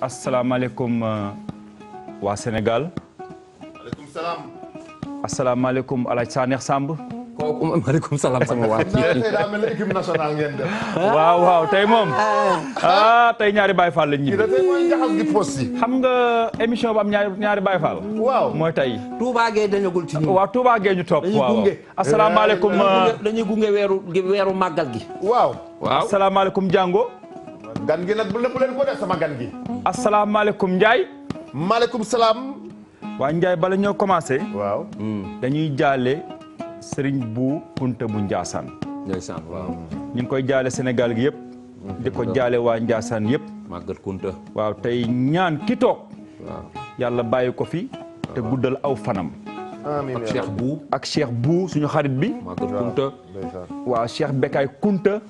asalaamaaleykum uh, waa Sénégal. maaleykum asalaamaaleykum El Hadj Sanex Samb. kooku waaw waaw tey moom. Ah. Ah, tey ñaari Baye Fall lañ yi. xam nga émission ba am ñaari ñaari Baye Fall. waaw mooy tey. Touba Gueye dañagul ci waaw Touba Gueye ñu topp. Uh, waaw waaw asalaamaaleykum. gan gi nag bu lépp Ndiaye. maaleykum salaam. waa Ndiaye bala ñoo commencé. waaw. Hmm. dañuy jaale Serigne bu Kunta bu Ndiassane. Ndiassane ngi koy jaale senegal gi yëpp. Hmm. di ko jaale waa Ndiassane yëpp. Maguette Kunta. waaw tey ñaan ki toog. waaw yàlla bàyyi ko fi. te guddal aw fanam. ak Cheikh Bou ak Cheikh Bou suñu xarit bi. Maguette Kunta waaw Cheikh Bekay Kunta.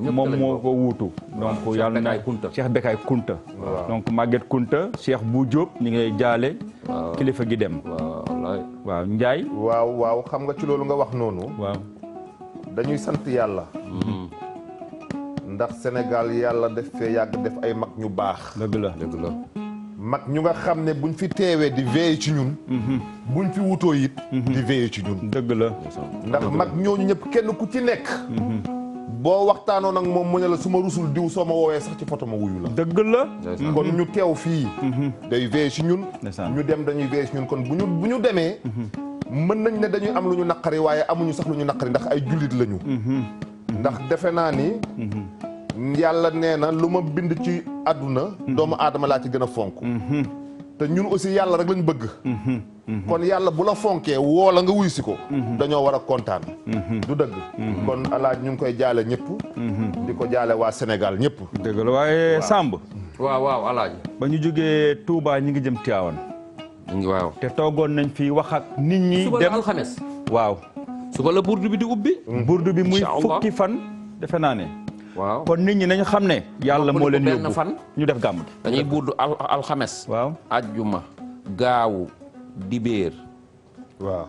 moom moo ko wuutu. donc yàlla na Cheikh Bekay Kunta. donc Maguette Kunta Cheikh Bou Diop ñu ngi jaale. kilifa gi dem. waaw Ndiaye. waaw waaw xam nga ci loolu nga wax noonu. waaw dañuy sant yàlla. Mm-hmm. ndax senegal yàlla def fee yàgg def ay mag ñu baax. la dëgg mag ñu nga xam ne bu ñu fi teewee di veillé ci ñun mhm. buñ fi wutoo it mhm. di veillé ci ñun dëgg la ndax mag ñooñu ñëpp kenn ku ci nekk mhm. boo waxtaanoon ak moom mu ne la su ma rusul diw soo ma woowee sax ci photo ma wuyu la dëgg la kon ñu teew fii day veillé ci ñun ñu dem dañuy veillé ci ñun kon bu ñu bu ñu demee mën nañ ne dañuy am lu ñu naqari waaye amuñu sax lu ñu naqari ndax ay jullit lañu ndax defe naa ni yàlla nee na lu ma bind ci àdduna hmm. doomu aadama laa ci gën a fonk hmm. te ñun aussi yàlla rek lañ bëgg hmm. kon yàlla bu la fonkee woo la nga wuy si ko dañoo war a kontaan du dëgg kon alaaj ñu ngi koy jaale ñëpp di ko jaale waa Sénégal ñëpp dëgg la waaye Samb ba ñu jógee Touba ñi ngi jëm Tiwaawan te toogoon nañ fi wax nit ñi dem suba la alxames waaw suba la burdu bi di ubbi burdu bi muy fukki fan defe naa ne waaw kon nit ñi nañu xam ne. yàlla moo leen yóbbu fan. ñu def gàmm gi. dañuy buddu al alxames. waaw ajjuma gaawu dibéer. waaw.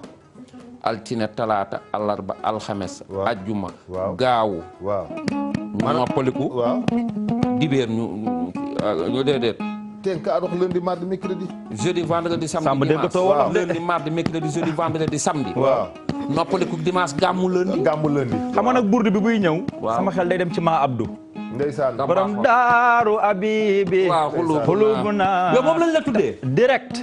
altine talaata alarba alxames. waaw ajjuma. waaw gaawu. waaw. ñu noppaliku. ñu ñu ah, tënk a rox lundi mardi mercredi jeudi vendredi samedi sàmm xam nga nag burdu bi buy ñëw sama xel day dem ci maa abdou ndeysaan borom daaru abibi waaw xulub naa yow moom lañ la tuddee direct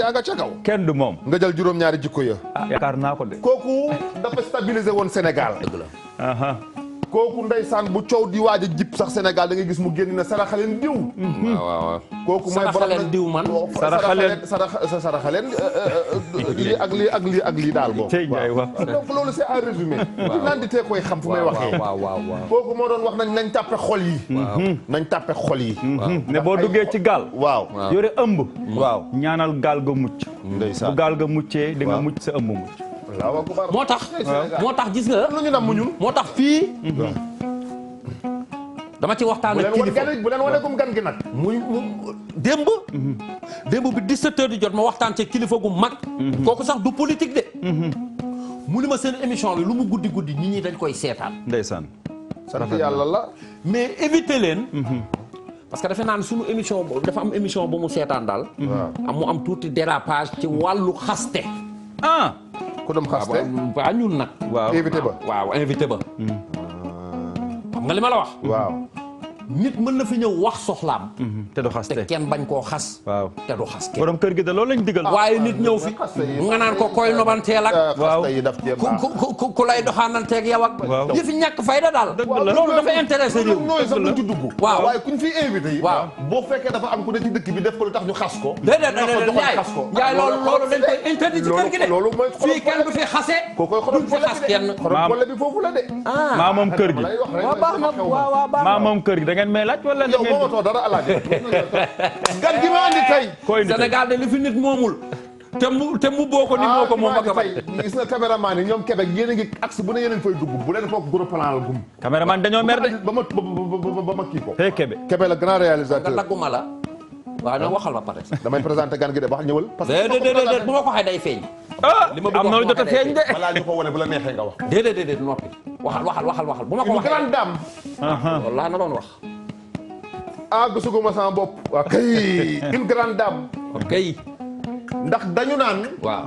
yaa nga ca kaw kenn du moom nga jël juróom-ñaari jikko ya ah, yaakaar naa ko de kooku dafa stabiliser woon Sénégal kooku ndeysaan bu coow di waaj a jib sax Sénégal da ngay gis mu génn na saraxaleen diw. Mm-hmm. waaw waaw kooku mooy saraxaleen sa man. Oh, saraxaleen euh, euh, euh, lii ak lii ak lii ak lii daal boo tey Ndiaye wax ah, loolu c'est en résumé. waaw koy xam fu may waxee. waaw kooku moo doon wax nañ nañ tàppe xol yi. Mm-hmm. nañ tàppe xol yi. Mm-hmm. ne boo duggee ci gaal. waaw yore ëmb. waaw ñaanal gaal ga mucc. ndeysaan bu gaal ga muccee di nga mucc sa ëmb mucc. moo tax moo tax gis nga. lu ñu nam ñun moo tax fii. dama ci waxtaan ak kilifa bu leen waneekum gan gi nag. muy démb. bi 17h jot ma waxtaan ci kilifa gu mag. kooku sax du politique de. mu ni ma seen émission bi lu mu guddi guddi nit ñi dañ koy seetaan. ndeysaan. sant yàlla la. mais éviter leen. Mhm. parce que defe naa ne sunu émission dafa am émission bu mu seetaan daal. am mu am tuuti dérapage ci wàllu xaste. ah. ku doon xaste ah, waaw ñun nag. waaw invité ba waaw invité ba. Hmm. Ah. xam nga li ma la wax. waaw. nit mën na fi ñëw wax soxlaam. Mhm, te du xas te kenn bañ koo xas. waaw te du xas kenn borom kër gi de loolu lañ digal. waaye nit ñëw fi nga naan ko koy nobanteel ak. waaw ku ku ku lay doxaananteeg yow ak. waaw yëfi ñàkk fayda daal. loolu dafa intéressé réew. loolu sax duñ ci dugg. waaw waaye kuñ fi invité yi. waaw boo fekkee dafa am ku ne ci dëkk bi def ko lu tax ñu xas ko. déedéet déedéet Ndiaye Ndiaye loolu loolu dañ koy interdit ci kër gi de. loolu mooy fii kenn du fi xase. duñ fi xas kenn. maam ah. maam moom kër gi. waaw waaw baax na waaw waaw baax na da ngeen may laaj wala da ngeen. yow moomatoo dara alaaj gan gi ma tey. koy nit moomul. te mu te mu boo ko ni moo ko na ak fay gis nga caméraman yi ñoom Québec yéen a ngi axe bu ne yéen a ngi fay dugg bu a foog gros plan gum caméraman dañoo mer de ba ma ba ma kii ko. tey Kébé Kébé la grand réalisateur nga la. waaw ñoo waxal ma pare. damay présenté gan gi de wax ñëwal. parce que déedéet bu ma ko waxee day feeñ. Ah, li ma bëgg a wax jot a feeñ de. balaa ko waxal waxal waxal waxal bu ma ko waxee. une grande dame. laa na doon wax. ah gisuguma sama bopp. ndax dañu naan. waaw.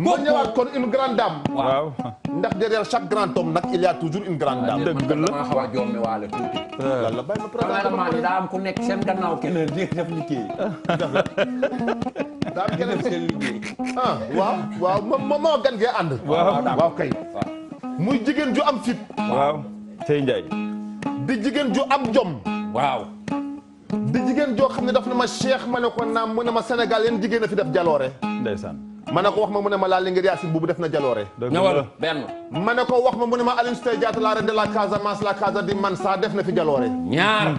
ma ñëwaat kon une grande dame. waaw ndax derrière chaque grand homme nag il y a toujours une grande dame. dëgg la xaw a jommi waale tuuti. Euh. yàlla bàyyi ma présenté daam ku nekk seen gannaaw keneen def liggéey. daam keneen seen liggéey. Ah, waaw ah, muy jigéen ju am fit. waaw di jigéen ju am jom. waaw. di jigéen joo xam ne daf ne ma Cheikh ma ne ko naam mu ne ma Sénégal yéen jigéen a fi def jaloore. ma ko wax ma mu ne ma laa li ngir Yacine Boubou def na jaloore. ñëwal ko wax ma mu ne ma Aline Sitoé Diatta la reine de la Casamance la Casa di Mansa def na fi jaloore. ñaar.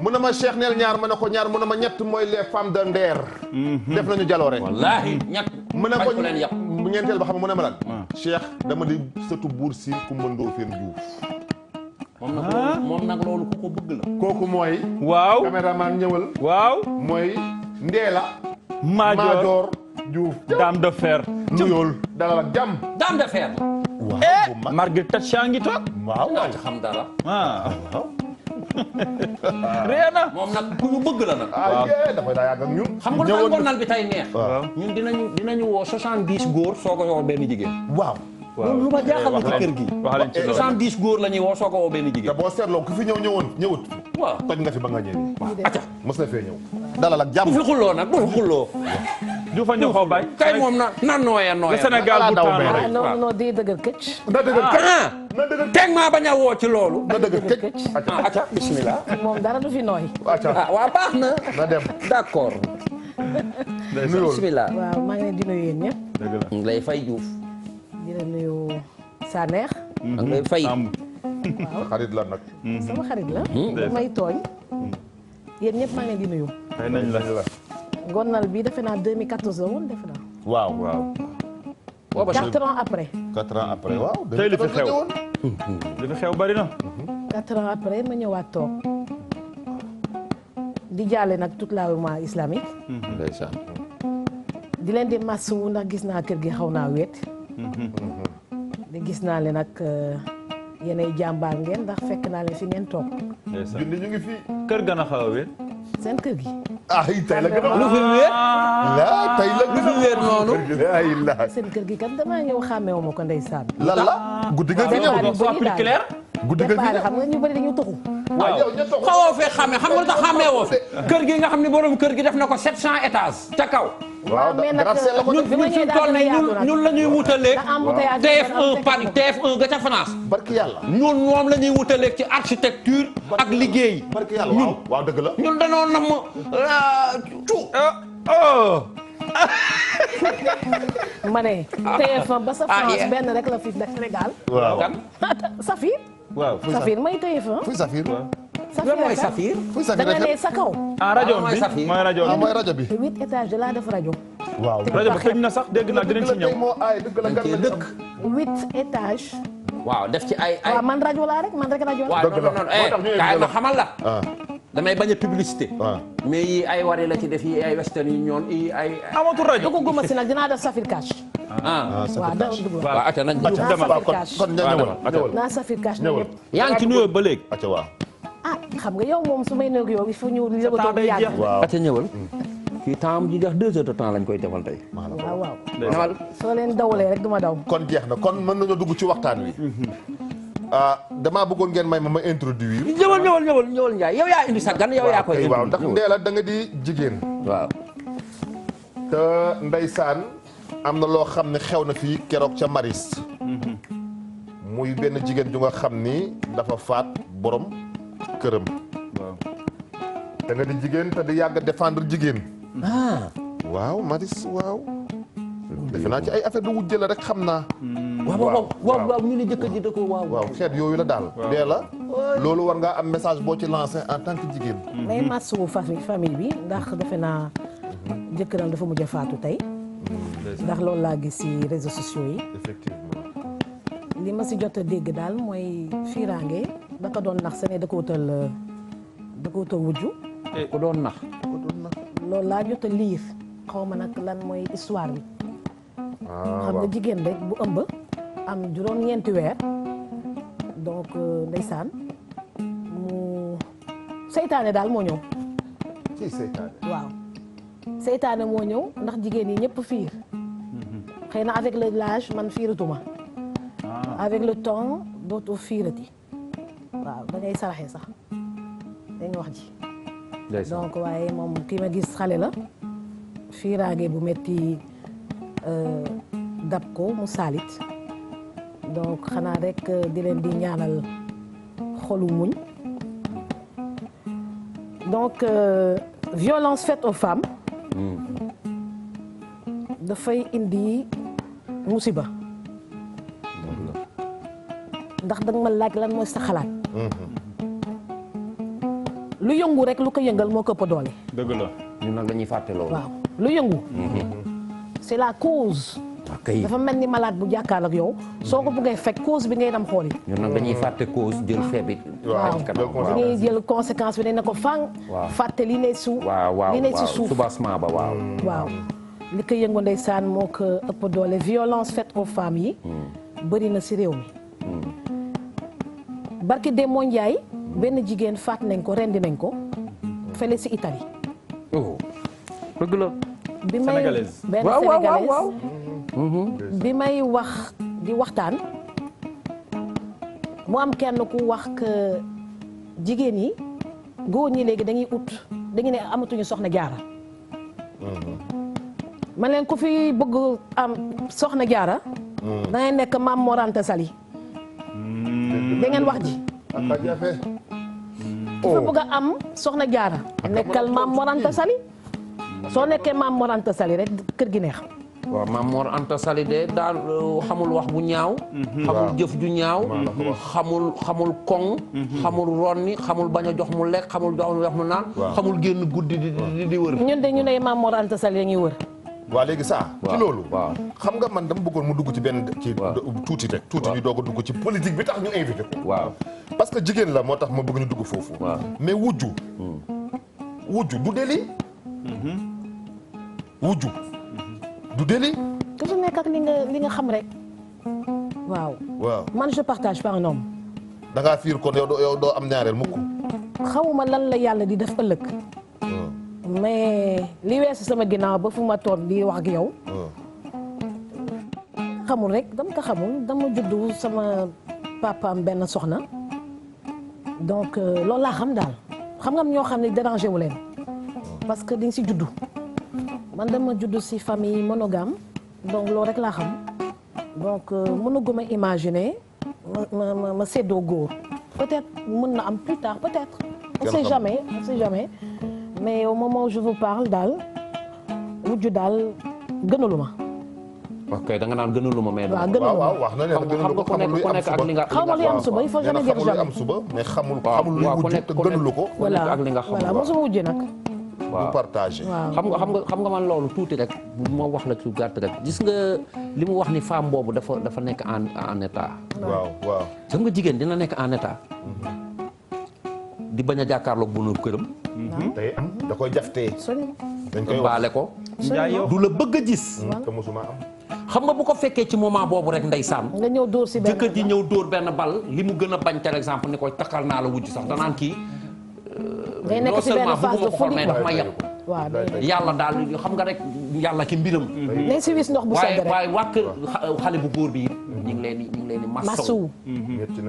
mu ne ma Cheikh neel ñaar ma ko ñaar mu ne ma ñett mooy les femmes de Nder. Mhm. def nañu jaloore. wallaahi a mu ne ko ñeenteel ba xam mu ne ma lan. Ah. Cheikh dama di sëtu buur si ku mëndoo feen Diouf. Ah. moom nag loolu ku ko bëgg la. kooku mooy. waaw caméraman ñëwal. waaw mooy. Ndeela. Maajoor Diouf Dame de Fer. nuyool dalal ak jàmm. Dame de Fer. waaw eh! Marguerite Thatcher ngi toog. xam dara. waaw. moom nag ku ñu bëgg la nag. Ah, waaw dafa daa yàgg xam nga lu tax ngoon naan bi tay neex. ñun dinañu dinañu woo soixante-dix soo ko yoo benn waaw. waaw lu ma jaaxal la ci kër gi. wax leen ci loolu soixante-dix góor la ñuy woo soo ko woo benn jigéen. te boo seetloo ku fi ñëw ñëwoon ñëwut. waaw toj nga fi ba nga ñëw. waaw acca mos na fee ñëw. dalal ak jàmm bu fi xulloo nag bu fi xulloo. du fa ñëw xaw bay. tey moom na na nooyee nooyee. Sénégal bu tawee rek non non day dëgër këcc. na dëgër këcc ah. na dëgër këcc. teg maa bañ a woo ci loolu. na dëgër këcc ah acca bismillah. moom dara du fi nooy. ah waa baax na. na dem d'accord. bismillah waaw maa ngi leen di nuyu yéen ñëpp. dëgg la lay fay Diouf di la nuyu Sanex. da mm-hmm. ngay fay waaw xarit la nag. Mm-hmm. sama xarit la. bu mm-hmm. may tooñ. yéen ñëpp maa ngi di nuyu. gonnal bi defe naa 2014 la woon defe naa. waaw waaw. waaw quatre ans après. quatre tey li fi xew bari na. quatre ans après ma ñëwaat toog. di jaale nag toute la mouvement islamique. di leen di masawu ndax gis naa kër gi xaw naa weet. di gis naa leen nag euh, yéenay jàmbaar ngeen ndax fekk naa leen fi ngeen toog. julli fi. kër gën a xaw a wér. seen kër gi. ah tey la a ah. lu fi wér. la tey la a wér noonu. seen kër gi kat damaa ñëw xàmmeewu ma ko ndeysaan. lan la guddi nga guddi nga fi ñëw xam nga ñu bari dañu toxu. waaw xam nga tax xàmmee woo kër gi nga xam ne borom kër gi def na ko 700 étages ca kaw. waaw gracier la ñun suñ toll ñun la ñuy wutaleeg. TF1 par TF1 ga ca yàlla ñun moom la ñuy wutaleeg ci architecture. ak liggéey. barki yàlla waaw waaw dëgg la ñun dañoo nam cu. Euh, euh, oh. ma ne. TF1 ba sa France benn rek la fi nekk Sénégal. waaw Safir. Safir may TF1. Safir lan mooy Safir. da nga ne sa kaw. ah rajo bi mooy rajo bi ah, mooy rajo bi. huit étages de là dafa rajo. waaw rajo bi xëy na sax dégg naa dinañ ci ñëw. dëkk huit étages. waaw def ci ay ay waaw man rajo laa rek man rek rajo laa. dëgg la moo tax eh, kaay ma xamal la. Ah. damay bañ a publicité. Ah. mais yi ay wari la ci def yi ay western yi ñoon yi ay. amatul rajo dugg guma si nag dinaa def Safir Cash. ah Safir Cash waaw waaw nañ. kon kon ñëwal ñëwal naa Safir Cash ñëwal. yaa ngi ci nuyoo ba léegi. waaw. ah xam nga yow moom su may nëg yow il faut ñu lëbatoo bu yàgg waaw ate ñëwal kii temps am ji def deux heures de temps lañ koy defal tey waaw waaw demal soo leen dawalee rek duma daw kon jeex na kon mën nañoo dugg ci waxtaan wi mm-hmm. ah, damaa bëggoon ngeen may ma ma introduire ñëwal ñëwal ñëwal ñëwal Ndiaye yow yaa indi sa gan yow yaa koy waaw ndax Ndella da nga di jigéen waaw te ndeysaan am na loo xam ne xew na fii keroog ca Maris mm-hmm. muy benn jigéen ju nga xam ni dafa faat borom këram. waaw te nga di jigéen te di yàgg défendre jigéen. ah. waaw Maris waaw. defe naa ci ay affaire de wujje la rek xam naa. Hmm. waaw waaw waaw ñu ne jëkkër ji da waaw. xeet yooyu la daal. dee la loolu war ngaa am message boo ci lancé en tant que jigéen. Hmm. may masu famille famille bi ndax defe naa jëkkëram dafa mujj a faatu tey. Hmm. ndax loolu laa gis ci réseaux sociaux yi. li ma si jot a dégg daal mooy fiiraange. da ko doon nax sene da euh, wutal wujju eh, ko doon nax loolu laa jot a liir xaw ma nag lan mooy histoire bi ah, xam nga jigéen rek bu ëmb am juróom-ñeenti weer donc euh, ndeysaan mu seytaane daal moo ñëw ci seytaane moo ñëw ndax jigéen yi ñëpp fiir mhm. xëy na avec l'âge man fiiratuma ah. avec le temps dootu fiirati waaw da ngay sax dañ wax ji donc waaye moom kii ma gis xale la fiiraange bu metti euh, dab ko mu saalit donc xanaa rek euh, di leen di ñaanal xolu muñ donc euh, violence faite aux femmes hmm. dafay indi musiba ndax danga ma laaj lan mooy sa xalaat lu yëngu rek lu ko yëngal moo ko ëpp doole. dëgg la ñun nag dañuy fàtte loolu. lu yëngu. Mhm. c'est la cause. Ah, dafa mel ni malaat bu jàkkaarloo ak yow. soo ko buggee fekk cause bi ngay dem xooli. ñun nag dañuy fàtte cause jël feeb conséquence bi ne na ko fang. waaw ne su. waaw waaw li ne ci suuf soubassement ba waaw. Mm. moo ko ëpp doole violence faite yi. Mm. bëri na si réew mi. barke Demba Ndiaye benn jigéen faat nañ ko rendi nañ ko fële si Italie. Oh. bi may benn sénégalaise bi may wax di waxtaan mu am kenn ku wax jigéen yi góor ñi léegi dañuy ut dañu ne amatuñu soxna jaara. Mm-hmm. man leen ku fi bëgg am soxna jaara. Mm. da ngay nekk maam Morante Sali. da ngeen wax ji. Mm. dafa jafe. Oh. am soxna jaara nekkal maam Mor soo nekkee maam Mor Anta Sali rek kër gi neex. waaw maam Mor Anta de euh, xamul wax bu ñaaw. Mhm. xamul jëf ju ñaaw. xamul xamul koŋ. Mhm. xamul ronni xamul bañ a jox mu lekk xamul jox mu naan. xamul génn guddi di di wër. ñun de ñu nee maam Mor Anta Sali dañuy wër. waaw léegi saa ci loolu xam nga man dama bëggoon mu dugg ci benn ci tuuti rek tuuti ñu doo a dugg ci politique bi tax ñu invité ko waaw parce que jigéen la moo tax ma bëgg ñu dugg foofu mais wujju hmm. wujju du deli mm-hmm. wujju du deli ku ci nekk li nga li nga xam rek waaw waaw man je partage pas un homme fiir kon yow doo am ñaareel mukk xawuma lan la yàlla di def ëllëg mais li weesu sama ginnaaw ba fu ma toog di wax ak yow. Oh. xamul rek dama ko xamul dama juddu sama papaam benn soxna donc euh, loolu laa xam daal xam nga ñoo xam ne dérangé wu leen oh. parce que dañ si juddu man dam ma juddu si famille monogame donc loolu rek laa xam donc euh, mënaguma imaginer ma ma ma séddoo góor peut-être mën na am plus tard peut-être. on sait jamais on jamais. mais yow moment où je vous parle daal wujju daal gënalu ma. wax kay da nga naan gënalu ma mais. waaw gënalu wax na ne gënalu ko xamul luy am suba xam li suba il faut jamais dire jamais. am suba mais xamul xamul luy wujju te gënalu ko. voilà voilà mosuma wujje xam nga xam nga xam nga man loolu tuuti rek ma wax la ci gàtt rek gis nga li mu wax ni femme boobu dafa dafa nekk en en état. xam nga jigéen dina nekk en état. Mhm. di bañ a jàkkaarloog bu nu këram. day mm-hmm. am da koy jaftee dañ koy baale ko du la bëgg a gis te mosuma am xam nga bu ko fekkee ci moment boobu rek ndeysaan nga ñëw dóor si benn jëkkër ji ñëw dóor benn bal li mu gën a bañ par exemple ni koy takkal naa la wujj sax danaan kii day euh, nekk ci benn phase de folie mais daf ma yàq waaw yàlla daal xam nga rek yàlla ki mbiram nañ si wis ndox bu sedd rek waaye wàkk xale bu góor bi ñu ngi leen di ñu ngi leen di masawu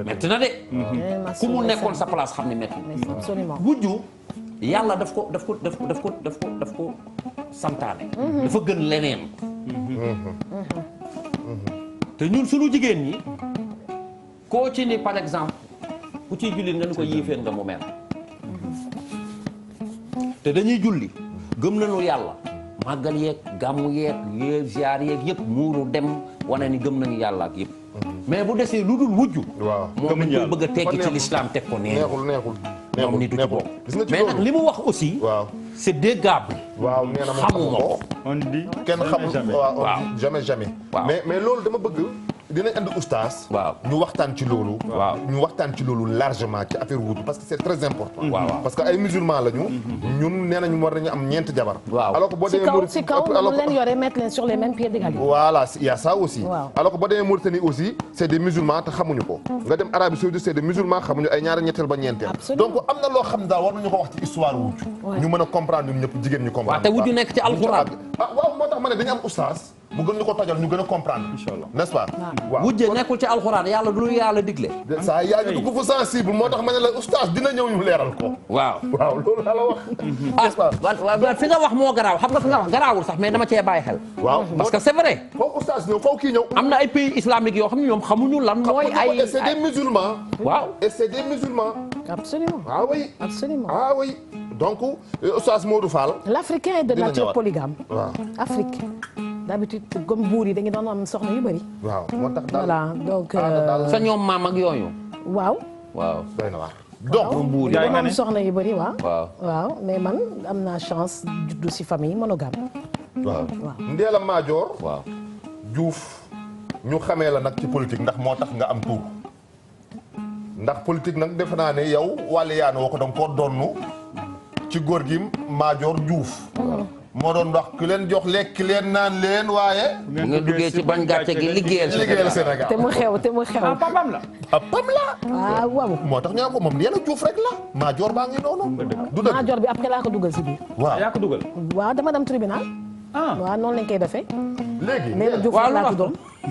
metti na de mm-hmm. eh, ku mu nekkoon sa place xam ne metti wujju yàlla daf ko daf ko daf ko daf ko daf ko daf ko santaane. dafa gën leneen. te ñun suñu jigéen ñi koo ci ni par exemple ku ciy julli nga ni ko yéeféer nga mu mel. te dañuy julli gëm nañu yàlla màggal yeeg gàmmu yeeg yeeg ziar yeeg yëpp muuru dem wane ni gëm nañu yàlla ak yëpp. mais bu desee lu dul wujju. waaw moom lañ koy bëgg a tekki ci lislaam teg ko neexul neexul. moom ni du ci bokk mais nag li mu wax aussi. waaw c'est déggable. waaw nee na xamuma ko on dit kenn xamul waaw jamais jamais. mais mais loolu dama bëgg. dina andi oustaz. waaw ñu waxtaan ci loolu. waaw ñu waxtaan ci loolu largement ci affaire wuutu parce que c'est très important. waaw parce que ay musulmans lañu. ñun nee nañu war nañu am ñeent jabar. waaw alors que boo demee Mauritanie si y a ça aussi. alors c'est des musulmans te xamuñu ko. Mm. nga dem Arabie Saoudite c'est des musulmans xamuñu ay ñaari ñetteel ba ñeenteel. donc am na loo xam daal war nañu ko wax ci histoire wuutu. ñu mën a comprendre ñun ñëpp jigéen ñi comprendre. waaw te nekk ci alxuraan. Ah, tax ma ne dañu am oustaz. mu gën ñu ko tojal ñu gën a comprendre. incha allah n'est-ce pas. waaw wujje nekkul ci alxuraan yàlla du yàlla digle. saa yaa ngi dugg fu sensible moo tax ma ne la oustaz dina ñëw ñu leeral ko. waaw waaw loolu la la wax. Ah, n'est-ce pas waaw fi nga wax moo garaaw xam nga fi nga wax garaawul sax mais dama cee bàyyi xel. waaw parce que c'est vrai. foofu oustaz ñëw foofu kii ñëw. am na ay pays islamiques yoo xam ne ñoom xamuñu lan mooy. ay ay c'est des musulmans. waaw et c'est des musulmans. absolument ah oui. absolument ah oui. donc euh, Oustaz Modou Fall. l'africain est de nature polygame. waaw Afrique. d'habitude comme buur yi dañu doon am soxna yu bëri. waaw moo tax euh, daal sa ñoom maam ak yooyu. waaw. waaw doy na waar. donc soxna yu bëri waaw. man am naa chance juddu si famille monogame. waaw ñu xamee la nag ci politique ndax moo tax nga am tuur ndax politique nag defe naa ne yow walla yaanu woo ko danga koo ci góor gi Maajoor Juuf moo doon wax ku leen jox lekk leen naan leen waaye. nga duggee ci bañ gàcce gi liggéeyal liggéeyal te mu xew te mu xew. ah papam la. papam ah, la. waaw ah, waaw. moo tax ñu ko moom yàlla juuf rek la. maajoor baa ngi noonu. du dëgg maajoor bi après laa ko dugal si biir. waaw yaa ko dugal. waaw dama dem tribunal. ah waaw noonu lañ koy defee. léegi waaw lu ma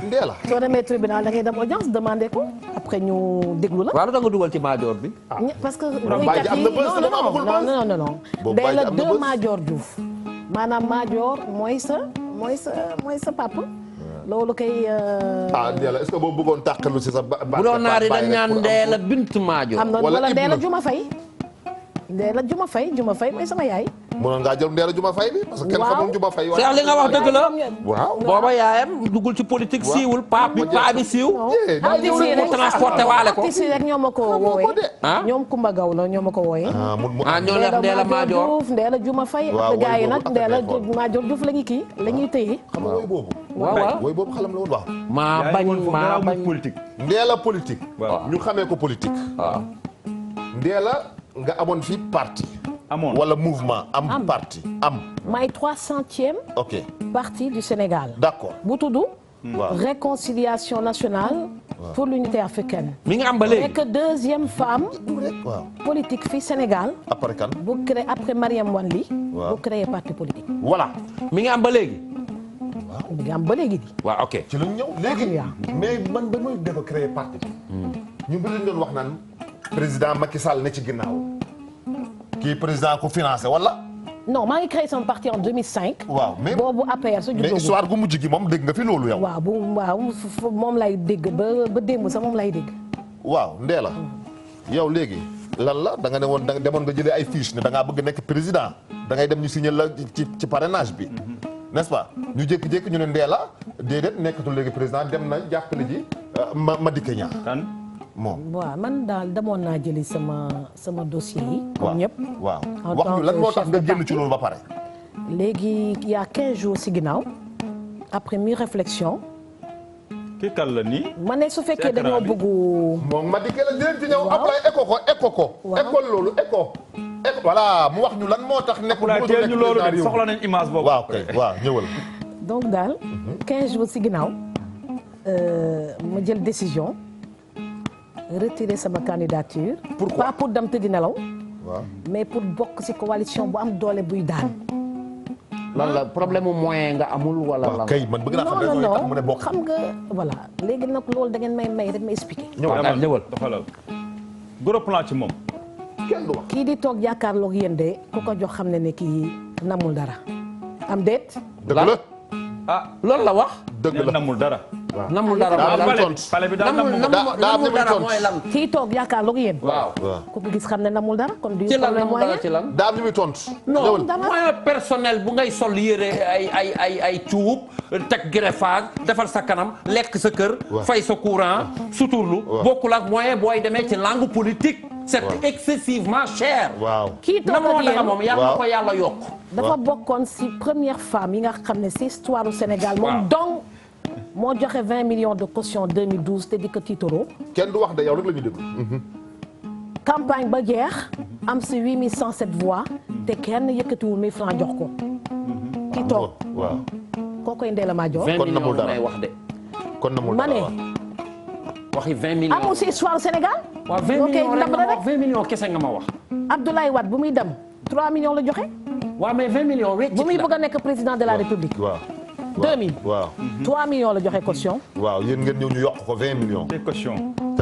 ndee la soo demee tribunal da ngay dem audience demander ko après ñu déglu la. waaw lu tax nga dugal ci maajoor bi. Ah. parce que. béykat yi non non non non day la deux maajoor Diouf maanaam maajoor mooy sa mooy sa mooy sa papa. loolu kay. Euh, ah Ndéla est-ce que boo bëggoon tàqalu si sa. ba ba bu doon naari dañ ñaan Ndéla bint maajoor. wala Ibou xam nga wala Ndéla Juma Faye. Ndéla Juma Faye Juma Faye mooy sama yaay. mënoon ngaa jël Ndéla Juma Faye bi. parce que Juma Faye. waaw li nga wax dëgg la. waaw booba yaayam duggul ci politique siiwul paa bi paa bi siiw. ah di si rek transporté waale ko. si rek ah. ma ko wooyee. ñoom Kumba Gaw la ñoo ma ko wooye ah mu mu ah ñoo leen Ndéla Madior Diouf Ndéla Juma Faye. waaw gaa yi nag Ndéla Madior Diouf la ñu kii la ñuy téye. xam nga wooy boobu. waaw waaw wooy boobu la woon waaw. maa bañ maa bañ politique. Ndéla politique. ñu xamee ko politique. waaw ah. Ndéla nga amoon fi parti. amoon wala mouvement am. parti am. maay trois centième. ok parti du Sénégal. d'accord bu tudd. Hmm. waaw réconciliation nationale. pour l'unité africaine. mi nga am ba léegi nekk deuxième femme. politique fii Sénégal. après kan bu créé après Mariam Wanli. waaw bu créé parti politique. voilà mi nga am ba léegi. waaw mi nga am ba léegi. waaw ok ci la ñu ñëw léegi. mais man ba muy def a créé parti bi. Hmm. ñu bëri leen doon wax naan. président Macky Sall ne ci ginnaaw kii président ko financé wala. non maa ngi créé sama parti en waaw mais boobu APR sa juddoo mais histoire gu mujj gi moom dégg nga fi loolu yow. waaw bu waaw moom lay dégg ba ba démb sax moom lay dégg. waaw Ndéla yow léegi lan la danga ne woon da demoon nga jëlee ay fiche ne da ngaa bëgg nekk président dangay dem ñu signé la ci ci parrainage bi. n'est-ce pas ñu jékki-jékki ñu ne Ndéla déedéet nekkatu léegi président dem na jàppale ji euh, Madické Niang. moom waaw man daal demoon naa jëli sama sama dossier yi. comme ñëpp waaw wax ñu lan moo tax nga génn ci loolu ba pare. léegi y' a 15 jours si ginnaaw après mi réflexion. kii kan la nii. ma ne su fekkee dañoo bëgg. moom ma di la dinañ ci ñëw Ablaye lan moo tax. nekkul projet ñu loolu de soxla nañ waaw kay donc daal 15 mhm. jours si ginnaaw euh, ma jël décision. retirer sama candidature. pourquoi pas pour dem tëddi nelaw. mais pour bokk ci coalition bu am doole buy daan. lan la problème mu moyen nga amul walla la. kay man bëgg naa xam raison yi tax mu ne bokk xam nga voilà léegi nag loolu dangeen ngeen may may rek may expliquer. ñëwal ñëwal doxalal ci moom. kenn kii di toog yaakaar yaakaarloog yéen de ku ko jox xam ne ne kii namul dara. am déet. dëgg la ah loolu la wax. dëgg la dara. namul dara mooy lan pale bi daal namul dara mooy lan. kii toog yaakaarloog yéen. waaw ku ko gis xam ne namul dara kon. du ci lan namul dara ci lan. daal li muy non moyen personnel bu ngay sol yére ay ay ay ay cuub teg greffage defar sa kanam lekk sa kër. fay sa courant lu bokkul ak moyen booy demee ci langue politique. c'est excessivement cher. waaw kii toog ak moom yàlla na ko yàlla yokk. si première yi nga xam ne si histoire du Sénégal moom donc. moo joxe 20 millions de caution 2012 te di ko kenn du wax de yow rek la ñuy déglu. campagne ba jeex am si 8107 voix te kenn yëkkatiwul 1000 francs jox ko. ki ah, toog waaw koo koy Ndella Madior. kon namul dara 20 millions lay wax de. kon namul dara ma ne. waxi 20 millions amul si histoire Sénégal. waaw 20 millions rek nga ma wax 20 millions kese ma wax. Abdoulaye Wade bu muy dem 3 millions la joxe. waaw mais 20 millions rek bu muy bëgg a nekk président de la république. deux mille waaw trois millions la joxe caution waaw yéen ngeen ñëw ñu yokk ko vingt millions caution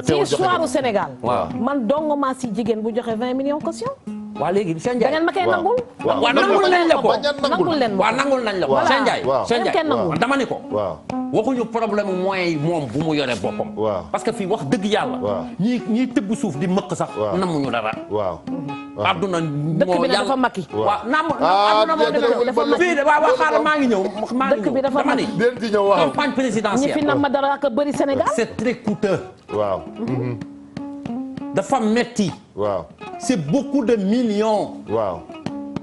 ci histoire u Sénégal man dong maa si jigéen bu joxe vingt millions caution waa léegi Cheikh Ndiaye da ngeen ma koy nangul. waaw nangul nañ la ko nangul leen waaw nangul nañ la ko Cheikh Ndiaye. waaw Cheikh Ndiaye dama ni ko. waaw waxuñu problème mu moyens yi moom bu mu yore boppam. waaw parce que fii wax dëgg yàlla. waaw ñiy ñiy tëbb suuf di mëq sax. waaw namuñu dara. waaw adduna dëkk bi ah, dafa makki. waaw naam adduna moo demee dafa makki. fii de waaw waaw xaaral maa ngi ñëw. maa ngi ñëw dëkk bi dafa makki dama ni. campagne présidentielle ñi fi nam ma dara ak bëri Sénégal. c'est très coûteux. waaw. Mm-hmm. Mm-hmm. dafa metti waaw c'est beaucoup de millions. waaw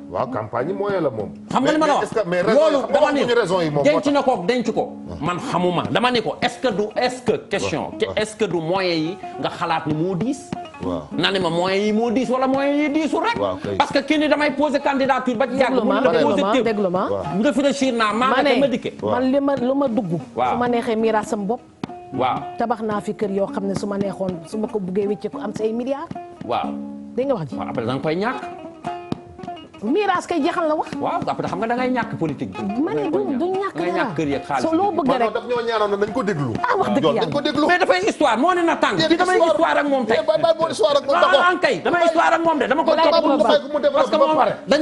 waaw campagne yi moyen la moom. xam nga li ma la wax mais loolu dama ne denc na ko denc ko. man xamuma dama ne ko est-ce que du est-ce que question. est-ce que du moyen yi nga xalaat ni moo diis. waaw na ne ma moyens yi moo wala moyens yi diisul rek. parce que kenn damay poser candidature ba ci yàgg. mun na poser déglu ma déglu ma. réfléchir naa maa man lu ma dugg. waaw ma neexee miiraasam bopp. waaw tabax naa fi kër yoo xam ne su ma neexoon su ma ko buggee wécce ko am say milliards. waaw dégg nga wax ji. waaw après da koy ñàkk. miiras kay jeexal la wax. après xam nga da ngay da ngay ñàkk kër yeeg xaalis bi. soo bëgg rek ko déglu. ah wax dëgg yàlla dañ ko déglu. mais dafay histoire moo ne na boo histoire ak kay damay histoire ak moom de dama ko topp parce que moom dañ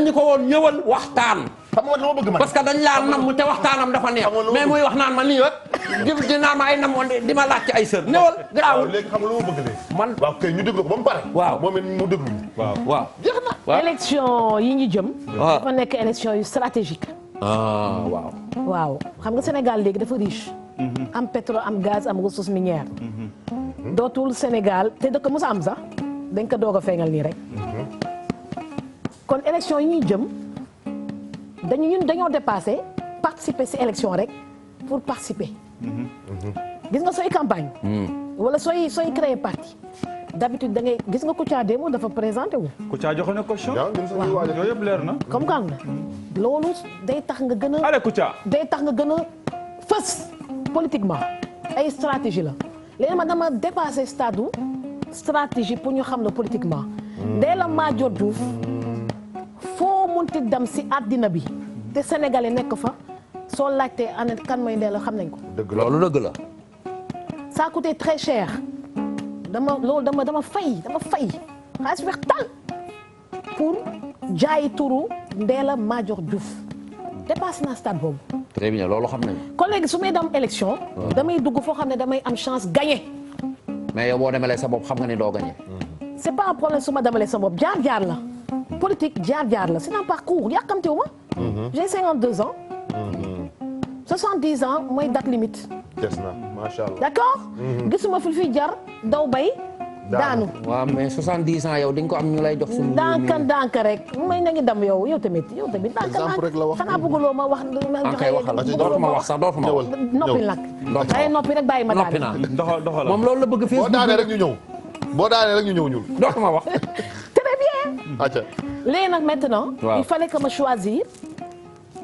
waxtaan xam nga dama bëgg man parce que dañ laa namm te waxtaanam dafa neex mais muy wax naan ma lii rek di di naan ma ay namoon di ma laaj ci ay sër newal garaawul léegi xam nga lu ma bëgg léegi man waaw kay ñu déglu ko ba mu pare waaw moom it mu déglu waaw waaw jeex na élection yi ñu jëm dafa nekk élection yu stratégique ah waaw waaw xam nga Sénégal léegi dafa riche mhm. am pétrole am gaz am ressource minière mhm. dootul Sénégal te da ko mos a am sax dañ ko doog a feeñal nii rek mhm. kon élection yi ñuy jëm dañu ñun dañoo dépassé participer ci élection rek pour participer. Mm-hmm. gis nga sooy campagne. Mm-hmm. wala sooy sooy créer parti. d'habitude da ngay gis nga Kouthia démb dafa présenté wu. Kouthia joxe na question. waaw yooyu yëpp leer na. comme kan nga mm-hmm. loolu day tax nga gën a. allez Kouthia. day tax nga gën a fës politiquement ay stratégie la léegi ma dama dépassé stade stratégie pour ñu xam la politiquement. dès la Madior Diouf foo munti dem si àddina bi te sénégalais nekk fa soo laajtee ana kan mooy la xam nañ ko. dëgg loolu dëgg la. ça a coûté très cher dama loolu dama dama fay dama fay xaalis weex tal pour jaayi turu Ndella Madior Diouf dépasse naa stade boobu. très bien loolu xam nañu. kon léegi su may dem élection. damay dugg foo xam ne damay am chance gagné. mais yow boo demalee sa bopp xam nga ni doo gagné. c'est pas un problème su ma demalee sa bopp jaar jaar la. politique jaar-jaar la c'est un parcours yàkkamtiwu ma. Mhm. j'ai 52 mhm. ans. mooy date limite. des na macha allah d'accord. Mhm. gisuma fi fi jar daw bay. daanu waaw mais ans yow di ko am ñu lay jox suñu. ndànk ndànk rek may na dam yow yow tamit yow tamit. exemple rek la wax xanaa bëgguloo ma wax. Ah, dootuma wax sax dootuma wax. noppi nag day noppi rek bàyyi ma daal. loolu la bëgg. Facebook boo daanee rek ñu ñëw boo daanee wax. Mm-hmm. acca léegi nag maintenant. il fallait que ma choisir.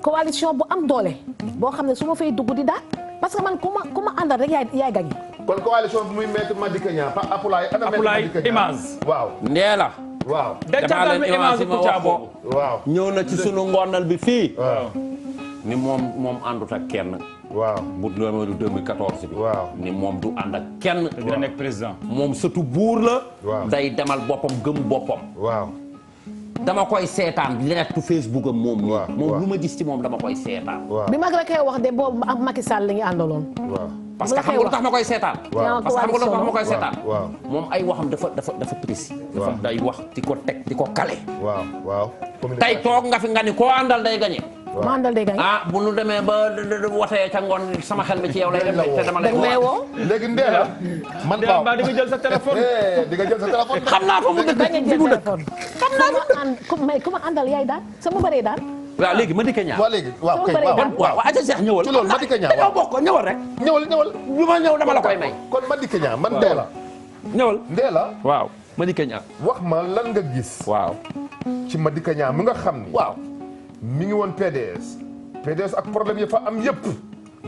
coalition bu am doole. boo xam ne su ma fay dugg di daal. parce que man ku ma ku ma àndal rek yaay yaay gagné. kon coalition bu muy mettre Madické Niang pas Apulaay. ana Apulaay image. Ndeela. waaw damaa image ma waaw. ñëw na ci sunu ngoonal bi fii. ni moom moom àndut ak waaw bu numéro 2014 bi. waaw ni moom du ànd ak kenn. dina nekk président. moom surtout buur la. waaw day demal boppam gëm boppam. waaw. dama koy seetaan leetu Facebook am moom. waaw moom lu ma gis ci moom dama koy seetaan. waaw bi mag la koy wax de boobu ak Macky Sall la ñu àndaloon. waaw parce que xam nga lu tax ma koy seetaan. parce que xam nga lu tax ma moom ay waxam dafa dafa dafa précis. dafa day wax di ko teg di ko kale. waaw waaw. toog nga fi nga ni koo àndal day gañe ma àndal day gañ ah bu nu demee ba watee ca ngoon sama xel mi ci yow lay dem te dama lay woo léegi man Pao di nga jël sa téléphone eh, di nga jël sa xam naa fa mu dëkk bañ a jël téléphone xam naa ko may ku ma àndal yaay daal sama bëree daal waaw léegi Madické Niang waaw léegi waaw kay waaw waaw aja Cheikh ñëwal ci loolu Madické Niang waaw bokk ñëwal rek ñëwal ñëwal bu ma ñëw dama la koy may kon Madické Niang man Ndéla ñëwal Ndéla waaw Madické Niang wax ma lan nga gis waaw ci Madické Niang mu nga xam ni waaw mi ngi woon PDS PDS ak problème yi fa am yëpp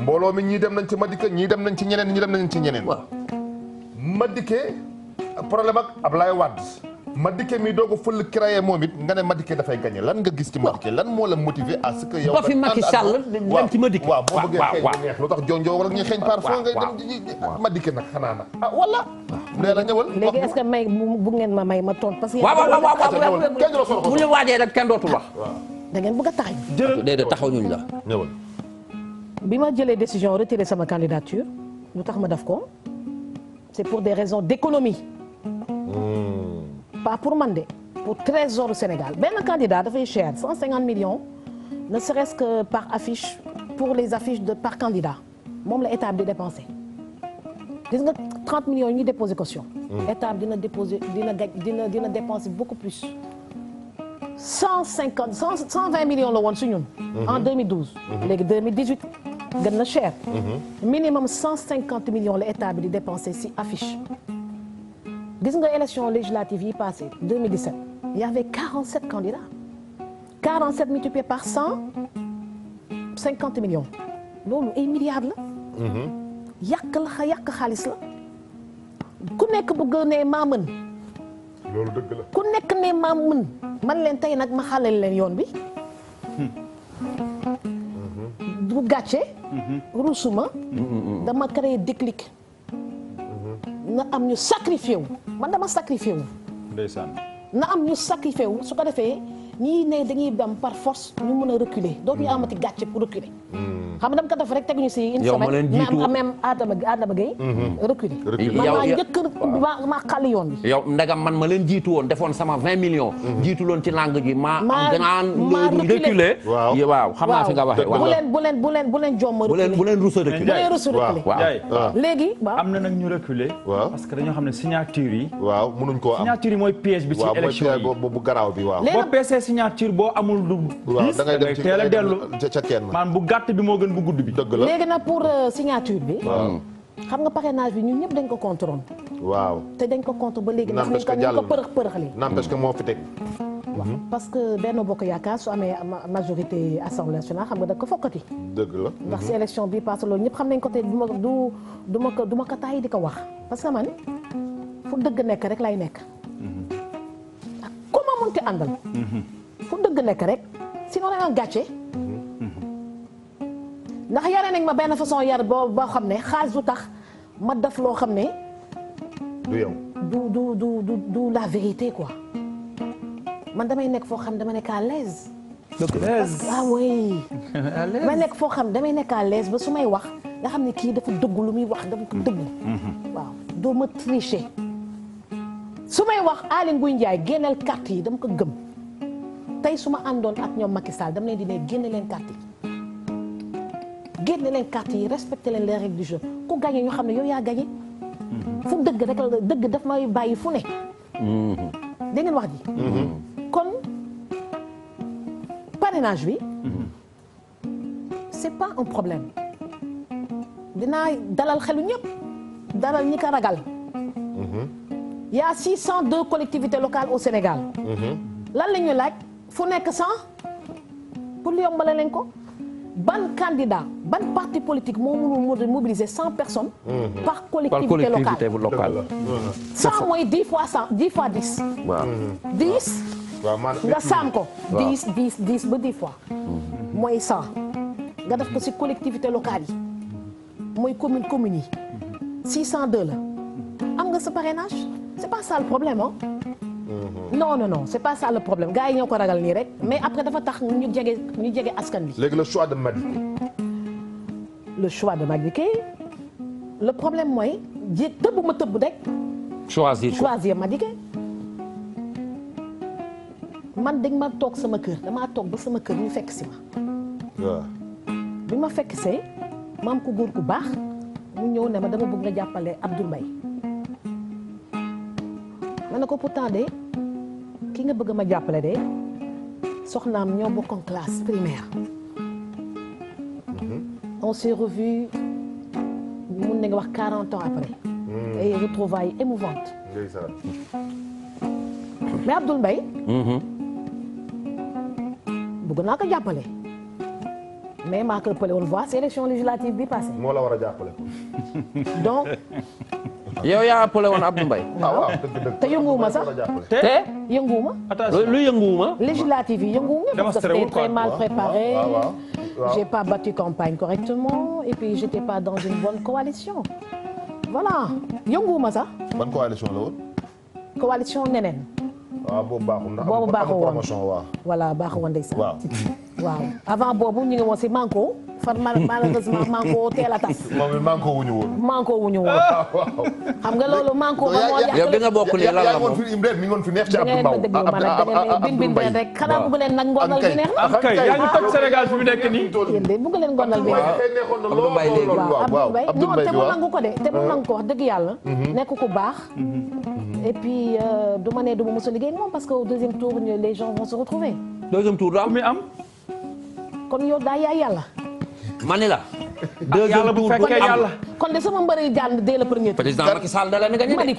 mbooloo mi ñii dem nañ ci Madické ñii dem nañ ci ñeneen ñii dem nañ ci ñeneen. waaw Madické problème ak Ablaye Wade. Madické mi doog a fël créé moom it nga ne Madické dafay gagné lan nga gis ci Madické lan moo la motiver à ce que. yow ba fi Macky Sall dem ci Madické. waaw waaw waaw boo xeeñ neex lu tax jonjoo wala ñu xeeñ parfois ngay dem Madické nag xanaa na ah wala. nee na ñëwal léegi est-ce que may bu ngeen ma may ma tontu. parce que waaw waaw kenn dootul wax. da ngeen bëgg a taxañ. jërëjëf taxawuñu la. ñëwal. bi ma jëlee décision retirer sama candidature lu tax ma def ko c'est pour des raisons d'économie. Hmm. pas pour man de pour trésor Sénégal benn candidat dafay cher 150 millions ne serait-ce que par affiche pour les affiches de par candidat moom la état di dépenser gis nga 30 millions yi ñuy déposer caution. Hmm. état dina déposer dina dina dina dépenser beaucoup plus. cent cinquante cent vingt millions la woon su ñun. Mhm. en 2012. Mhm. léegi 2018 gën mhm. minimum cinquante millions la état bi di dépensé si affiche. gis nga élection législative yi passé 2017 il y par 100 50 millions loolu ay milliards la. yàq la yàq xaalis la ku nekk bu ku nekk ne maam mën man leen tey nag ma xalal leen yoon bi bu gàcce ruusuma dama créé déclic na am ñu sacrifié wu man dama sacrifié wu ndeysaan na am ñu sacrifié wu su ko defee ñii ne dañuy dem par ñu mën a reculer dootuñu hmm. amati gàcce pour reculer hmm. xam nga dama ko def rek teguñu si hmm. man ma maa xàll yoon bi man ma leen jiitu woon defoon sama vingt millions jiitu loon ci langue ma maa ganaan reculer waaw xam naa fi nga waxee bu leen leen bu leen bu leen jomm reculer bu leen rusa reculer bu leen am na nag ñu reculer parce que dañoo xam ne signature yi waaw mënuñ koo am signature yi mooy piège bi ci élection bi waaw signature boo amul du. waaw da ngay dem ci a dellu kenn maanaam bu gàtt bi moo gën bu gudd bi. dëgg la léegi nag pour euh, signature bi. Hmm. xam nga paxe parrainage bi ñun ñëpp dañ ko contre woon. waaw te dañ ko contre ba léegi. naam parce que jàll nañ ko përëx përëxalee. naam moo fi teg. waaw hmm. parce que Bokk Yaakaar su amee majorité assemblée nationale xam nga da ko fokkati. dëgg la ndax hmm. si élection bi parce que loolu ñëpp xam nañ ko te du ma du du ma ko du ma ko taay di ko wax parce que man fu dëgg nekk rek lay nekk. loo mënti àndal. Mm-hmm. fu dëgg nekk rek si da nga gàcce. Mm-hmm. ndax yare nañ ma benn façon yar boo boo xam ne xaalis du tax ma def loo xam ne. du yow du du du du du la vérité quoi man damay nekk foo xam dama nekk à l'aise. donc ah oui. damay nekk foo xam damay nekk à l'aise ba su may wax nga xam ne kii dafa dëgg lu muy wax dafa ko dëgg. Mm-hmm. waaw doo ma tricher. su may wax Aly Ngouille Ndiaye génneel carte yi dama ko gëm tey su ma àndoon ak ñoom Macky Sall dama leen di ne génne leen carte yi génne leen carte yi respecté leen les règles du jeu ku gagné ñu xam ne yow yaa gagné mm-hmm. fu dëgg rek dëgg daf may bàyyi fu ne mm-hmm. da ngeen wax ji mm-hmm. kon parrainage bi c'est pas un problème dinaa dalal xelu ñëpp dalal ñi ko ragal y a 602 collectivités locales au Sénégal. Mm-hmm. lan la ñu laaj fu nekk 100 pour yombale leen ko ban candidat ban parti politique moo mënul mobiliser 100 personnes. Mm-hmm. par collectivité locale par collectivité locale. 100 mm-hmm. mooy 10 fois 100 10 fois di waaw 10. nga saam ko. 10 10 ba 10 fois. mooy 100. nga def ko si collectivité locale yi. mooy commune commune yi. 602 la. am nga sa parrainage. c'est pas ça le problème ah. non non no c'est pas ça le problème gars yi ñoo ko ragal nii rek mais après dafa tax ñu jege ñu jege askan bi. léegi le choix de Madické. le choix de Madické le problème mooy ji tëbb ma tëbb rek. choisir choisir Madické. man dañ ma toog sama kër damaa toog ba sama kër ñu fekk si ma. bi ma fekk see maam ku góor ku baax mu ñëw ne ma dama bëgg nga jàppale Abdoul mbay man na ko pourtant de ki nga bëgg ma jàppale de soxnaam ñoo bokkoon classe primaire. Mhm. on s'est revu mun nañu wax quarante ans après. ay mhm. retrouvailles émouvantes. mais Abdoul Mbaye. Mhm. bëgg naa ko jàppale. mais maa ko ëppale woon voix si élection législative bi moo la war a jàppale. donc. yow yaa appelé woon Abdou Mbaye. Ah, waaw te yënguwuma sax. te yënguwuma. attention lu yënguwuma. législative yi yënguwuma. parce que c'était très mal préparé. Ah, j'ai pas battu campagne correctement et puis j'étais pas dans une bonne coalition. voilà yënguwuma sax. ban coalition la woon. coalition neneen. waaw ah, boobu baaxul ndax boobu baaxul woon voilà baaxul woon ndeysaan. waaw avant boobu ñu ngi woon si Manko. far malheureusement manko teel a tas. moom it manko wuñu woon. manko wuñu woon. xam nga loolu manko ba moo yàq. yow bi nga bokk nii lan la moom mi ngoon fi neex ci Abdou Mbaw. bin bin benn rek xanaa bëgg leen nag ngondal bi neex na. kay yaa ngi toj Sénégal fi mu nekk nii. yéen de bëgg leen ngondal bi neex na. Abdou Mbaye léegi waaw Abdou Mbaye non te mu nangu ko de te mu nangu ko wax dëgg yàlla. Mhm. nekk ku baax. Mhm. et puis euh, du ma ne du ma mos a liggéey moom parce que au deuxième tour les gens vont se retrouver deuxième tour daa am. kon yow daa yaay yàlla. ma ne la. yàlla bu fekkee yàlla deuxième tour kon de sama mbëri jànd dès le premier tour. président Macky Sall da leen a gagné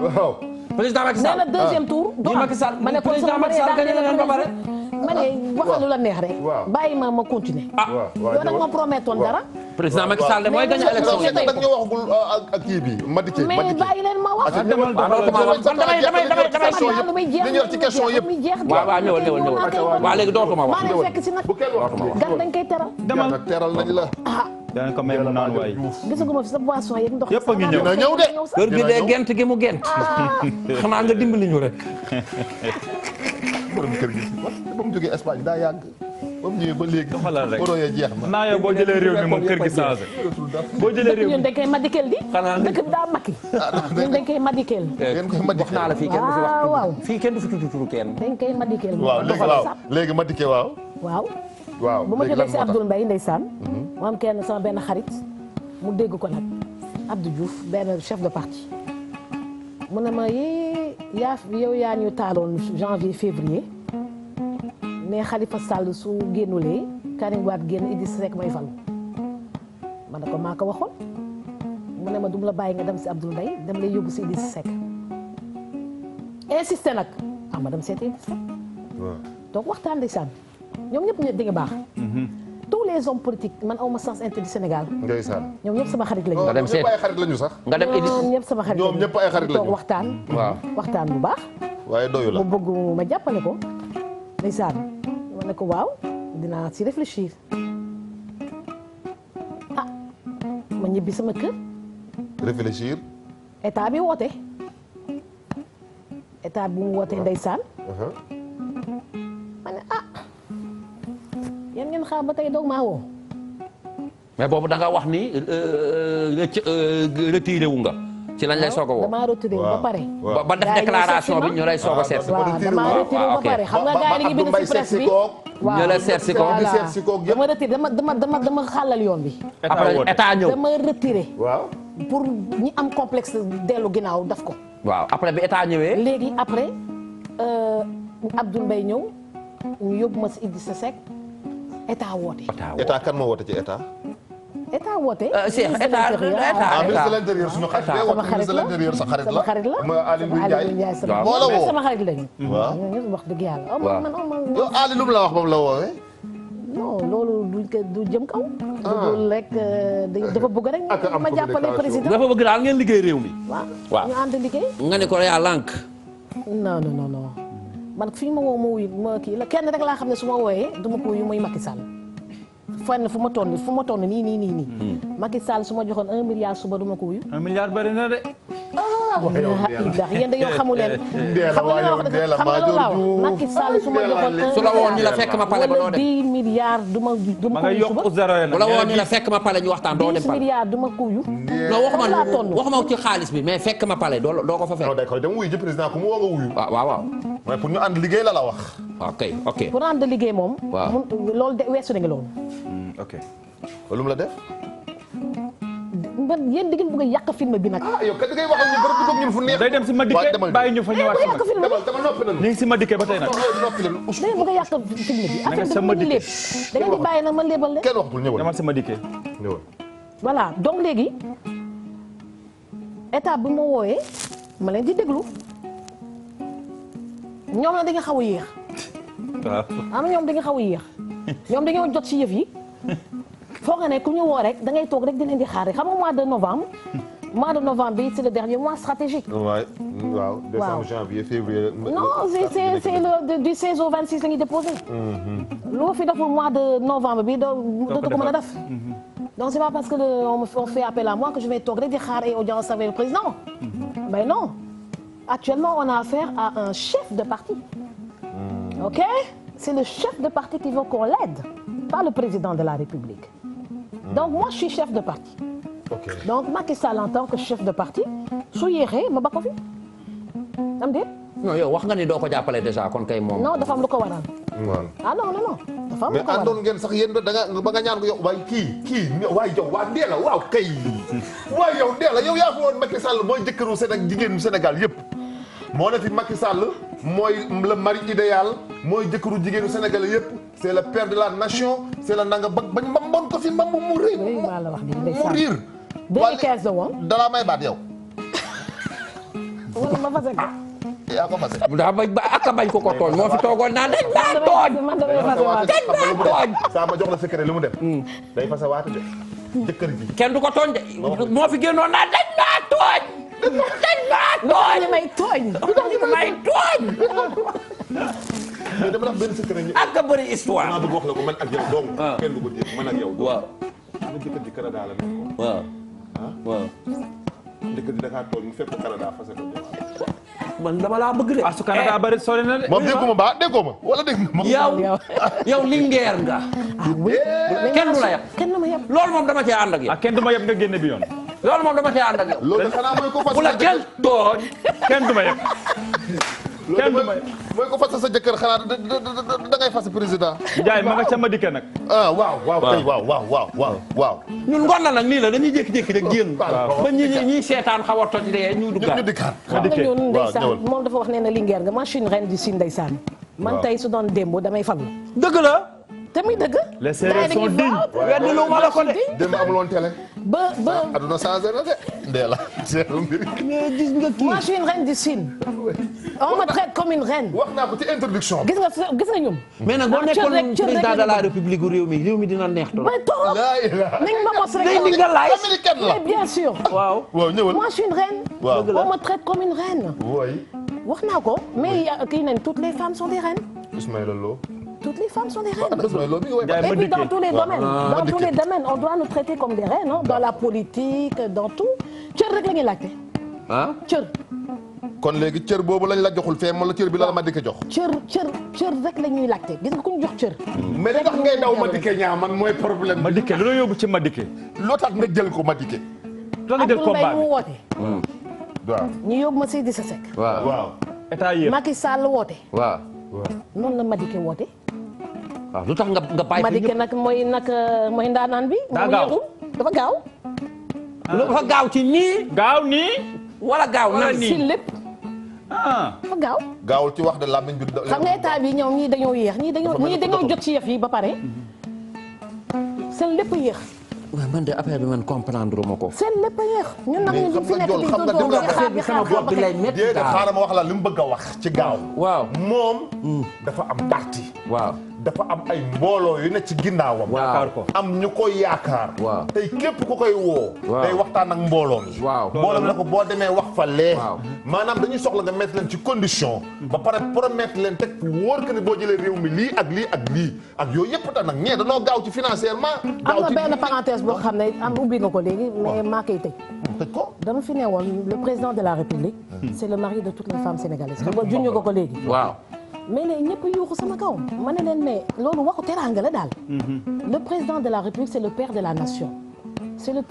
waaw. président Macky Sall nee na deuxième ah. tour. du am ma ne kon sama Macky Sall gagné na leen ba pare. ma ne ah. waxal lu la neex rek. waaw bàyyi ma ma continuer. ah waaw yow nag ma promettoon dara. président Macky Sall de mooy gagné élection yi da nga waxagul ak kii bi Madické. mais bàyyi leen ma wax. Ah, parce que ñëwal damay damay damay damay question yëpp li ñu wax ci question yëpp. waaw waaw ñëwal ñëwal ñëwal waaw léegi dootuma wax. bu kenn wax gan dañ koy teral. teral nañ la. dana ko may mu naan waay. gisaguma fi sa boisson yeeg ndox. yëpp a ngi ñëw ñëw de. kër gi de gent gi mu gent. xanaa nga dimbali ñu rek. borom kër gi ba mu jógee Espagne daa yàgg. ba mu ñëwee ba léegi. doxalal rek jeex na. naa yow boo jëlee réew mi moom kër gi changé. boo jëlee réew mi ñun dañ koy madikeel di. xanaa dëkk bi daa makki. Ah, ñun dañ koy madikeel. Eh, dañ koy madikeel wax naa la fii kenn du fi wax. Ah, waaw fii kenn du fi tudd turu kenn. dañ koy madikeel. waaw léegi waaw léegi madikeel waaw. waaw. waaw bu ma jógee si Abdoul Mbaye ndeysaan mhm. mu am kenn benn xarit mu dégg ko nag Abdou Diouf benn chef de parti mu ne ma yii yaa yow yaa ñu taaloon janvier février ne Khalifa Sall su génnulee Karim Wade génn Idrissa Seck may fal ma ne ko maa ko waxoon mu ne ma du la bàyyi nga dem si Abdoul Mbaye dem lay yóbbu si insisté nag ah ma dem seeti Idrissa Seck donc waxtaan ndeysaan ñoom ñëpp ñëpp di nga baax mm-hmm. les hommes politiques man aw ma sens interdit Sénégal. ndeysaan ñoom ñëpp sama xarit lañu. nga dem seet ñoom ñëpp ay xarit lañu sax. nga dem édi ñoom ñëpp sama xarit lañu ñoom ñëpp ay xarit lañu toog waxtaan. waaw waxtaan bu baax. waaye doyu la bu bëgg ma jàppale ko. ndeysaan ma ne ko waaw dinaa ci réfléchir ah ma ñibbi sama kër. réfléchir. état bi woote. état bi mu wootee ah. ndeysaan. Uh-huh. yan ngeen xaar ba tey doog maa mais boobu danga wax ni euh, euh, euh, retiré wu nga. ci lañ lay soog a woo damaa retiré ba pare. ba def déclaration bi ñu lay soog a ah, seet si. waaw damaa retiré ba pare xam seet si ko seet si koog dama retiré dama dama dama xàllal yoon bi. après état ñëw dama retiré. waaw pour ñi am complexe dellu ginnaaw daf ko. waaw après bi état ñëwee. léegi après Abdoul Mbaye ñëw ñu yóbbu ma si Idrissa Seck. état woote. état kan moo woote ci état. état woote. Cheikh état ah xarit la sama xarit la sama xarit la ma Aliou Ndiaye moo la woo sama xarit lañu. wax dëgg yàlla. Oh, oh, mu la wax moom la woowee. non loolu duñ ko du jëm kaw. Ah. loolu rek euh, dafa bëgg ngeen liggéey réew mi. nga ne ko yaa lànk. non man fi ñu ma woo ma wuyu kii la kenn rek laa xam ne su ma wooyee du ma ko wuyu muy Macky Sall fenn fu ma toll fu ma toll nii nii nii nii hmm. Macky Sall su ma joxoon un milliard suba du ma ko wuyu un milliard bëri na de yéen da yoo xamu leen xam nga wax dëgg xam nga lu waaw su ma joxoon su la woon ñu la fekk ma pale ba doo dem dix du ma du ma la woon la fekk ma pale ñu waxtaan doo dem pale dix milliards du ma kuyu non waxuma waxuma ci xaalis bi mais fekk ma pale doo ko fa fekk non d'accord dem wuyu ji président ku mu woo nga wuyu waaw waaw waaw pour ñu ànd liggéey la la wax waaw kay ok pour ànd liggéey moom waaw loolu de weesu na nga loolu la def man yéen da ngeen bëgg a yàq film bi nag. ah yow kat da ngay wax ak ñun bëri bëgg ñun fu neex. day dem si Madické bàyyi ñu fa ñëwaat si nag demal demal noppi nañu. ñu ngi si Madické ba tey nag. noppi nañu da film bi. da sa Madické da ngeen di nag ma léebal leen. kenn waxul ñëwal demal si Madické. ñëwal. voilà donc léegi état bi ma wooyee ma leen di déglu ñoom nag dañu xaw a yéex. am ñoom dañu xaw a yéex ñoom dañoo jot si yëf yi foog nga ne ku ñu rek da ngay toog rek di leen di xaar xam nga mois de novembre. mois de novembre bi c' est le dernier mois stratégique. waay waaw décembre janvier février. non loo mhm. fi deful mois de novembre bi doo doo ko mën mhm. parce que le, on fait appel toog rek di xaar ay audience avec le président. mais mhm. non actuellement on à un de parti. c'est le chef de parti qui veut qu'on l'aide, pas le président de la République. Mmh. Donc moi je suis chef de parti. Okay. Donc Macky Sall en tant que chef de parti su yéexee ma ba ko fi am déet. non yow wax nga ni doo ko jàppale déjà kon kay moom. non dafa am lu ko waral. ah non non non. dafa am lu ko waral mais àndoon ngeen sax yéen da nga ba nga ñaan ko yow waaye kii kii waaye jox waa Ndéla waaw kay waaye yow Ndéla yow yaa fi woon Macky Sall mooy jëkkëru Sénégal jigéenu Sénégal yëpp. moo ne fi Macky Sall mooy le mari idéal mooy jëkkëru jigéenu Sénégalais yëpp c' est le de la nation c' est le nanga ba bañ mbamboon ko fi mbamb mu riir mu riir 2015 la woon dalaa may baat yow daa ba ak bañ ko ko tooñ moo fi toogoon naan dañ maa tooñ dañ maa tooñ saa ma jox la secret li mu def hmm. day fase waate de jëkkër ji kenn du ko tooñ de moo fi génnoon naan dañ maa tooñ dañ maa tooñ li may tooñ. li may tooñ. mais dama la benn secret ak nga bëri histoire. maa bëgg wax la ko man ak yow dong. Ah. kenn du ko dégg man ak yow. waaw. sama jëkkër ji Canada la nekk ko. waaw. ah waaw. jëkkër ji da kaa tooñ mu fekk Canada fas ko man dama laa bëgg de. a ah, su Canada eh. bari sori na de. moom déggu ma ba déggoo ma wala dégg ma. yow yow lingeer nga. kenn du la yab. kenn du ma yab loolu moom dama cee ànd ak yow. Ah, kenn du ma yab nga génne bi yoon. lool moom dama cee ànd ak yow. loolu xanaa ko fas bu la kenn tooñ. kenn du ma yab. kenn du may mooy ko fas sa jëkkër xalaat da ngay fas président. Ndiaye ma nga sama dikke nag. ah waaw waaw tey waaw waaw waaw waaw. ñun ngoon na nag nii la dañuy jékki-jékki rek génn. ba ñi ñi seetaan xaw a toj dee ñu duggaat ñu dikkaat. xam nga ñun ndeysaan moom dafa wax nee na Linguère nga machine reine du Sine ndeysaan. man tey su doon démb damay fal. dëgg la. tamit dëgg. les séeréer sont dignes. weddi lu ma la ko de. démb amuloon télé. ba ba ah, aduna changé na de. Ndéla mais gis nga kii moi je suis une reine du Sine. on me traite comme une reine. wax naa ko ci introduction gis nga gis nga ñun. mais nag boo nekkoon président de la république réew mi réew mi dina neex trop. mais trop nañ ma mos rek. day nga laaj mais bien sûr. waaw waaw ñëwal moi je suis une reine. waaw on me traite comme une reine. oui. wax naa ko mais kii nañ toutes les femmes sont des reines. Ismaïla Lo. toutes les femmes sont des reines. Ah, Et puis dans tous les domaines. Ah, dans tous les domaines on doit nous traiter comme des reines dans la politique dans tout cër rek la laajte. Ah? cër. kon léegi cër boobu lañ la joxul fee moom la cër bi la ma dikke jox. cër cër rek la ñuy laajte gis nga ku ñu jox cër. Hmm. mais li tax ngay daw ma dikke ñaa mooy problème ma dikke lu yóbbu ci ma dikke. loo tax nga jël ko ma dikke. loo nga jël combat bi mu hmm. ma Seydou Seck. waaw waaw état yéen Macky Sall woote. waaw noonu la ma dikke woo waaw lu tax nga nga bàyyi. Madické nag mooy nag euh, mooy ndaanaan bi. daa gaaw dafa gaaw. dafa gaaw ci nii. gaaw nii. wala gaaw nan nii si lépp. Ah. dafa gaaw. ci wax de làmmiñ bi. xam nga état bi ñoom ñii dañoo yéex ñii dañoo ñii dañoo jot ci yëf yi ba pare. seen lépp yéex. waaw man de affaire bi man comprendre ma ko. seen lépp a yéex. ñun nag ñu fi bi xaar ba xëy déedéet wax la li mu bëgg a wax ci gaaw. waaw moom. dafa am parti. waaw. dafa am ay mbooloo yu ne ci ginnaawam. am ñu koy yaakaar. waaw tey képp ku koy woo. day waxtaan ak mbooloo mi. waaw mbooloo na ko boo demee wax fa lee. maanaam dañuy soxla nga mettre leen ci condition. ba pare promettre leen teg wóor que ne boo jëlee réew mi lii ak lii ak lii ak yooyu yëpp nag ñee danoo gaaw ci financièrement. gaaw ci benn parenthèse boo xam ne am ubbi nga ko léegi. mais maa koy tëj. tëj ko dama woon le président de la république. Hmm. c'est le mari de toutes les hmm. ko léegi. mais léegi ñëpp yuuxu sama kaw ma ne leen mais loolu waxu teraanga la daal mhm. le président de la république c'est le père de la nation c'est le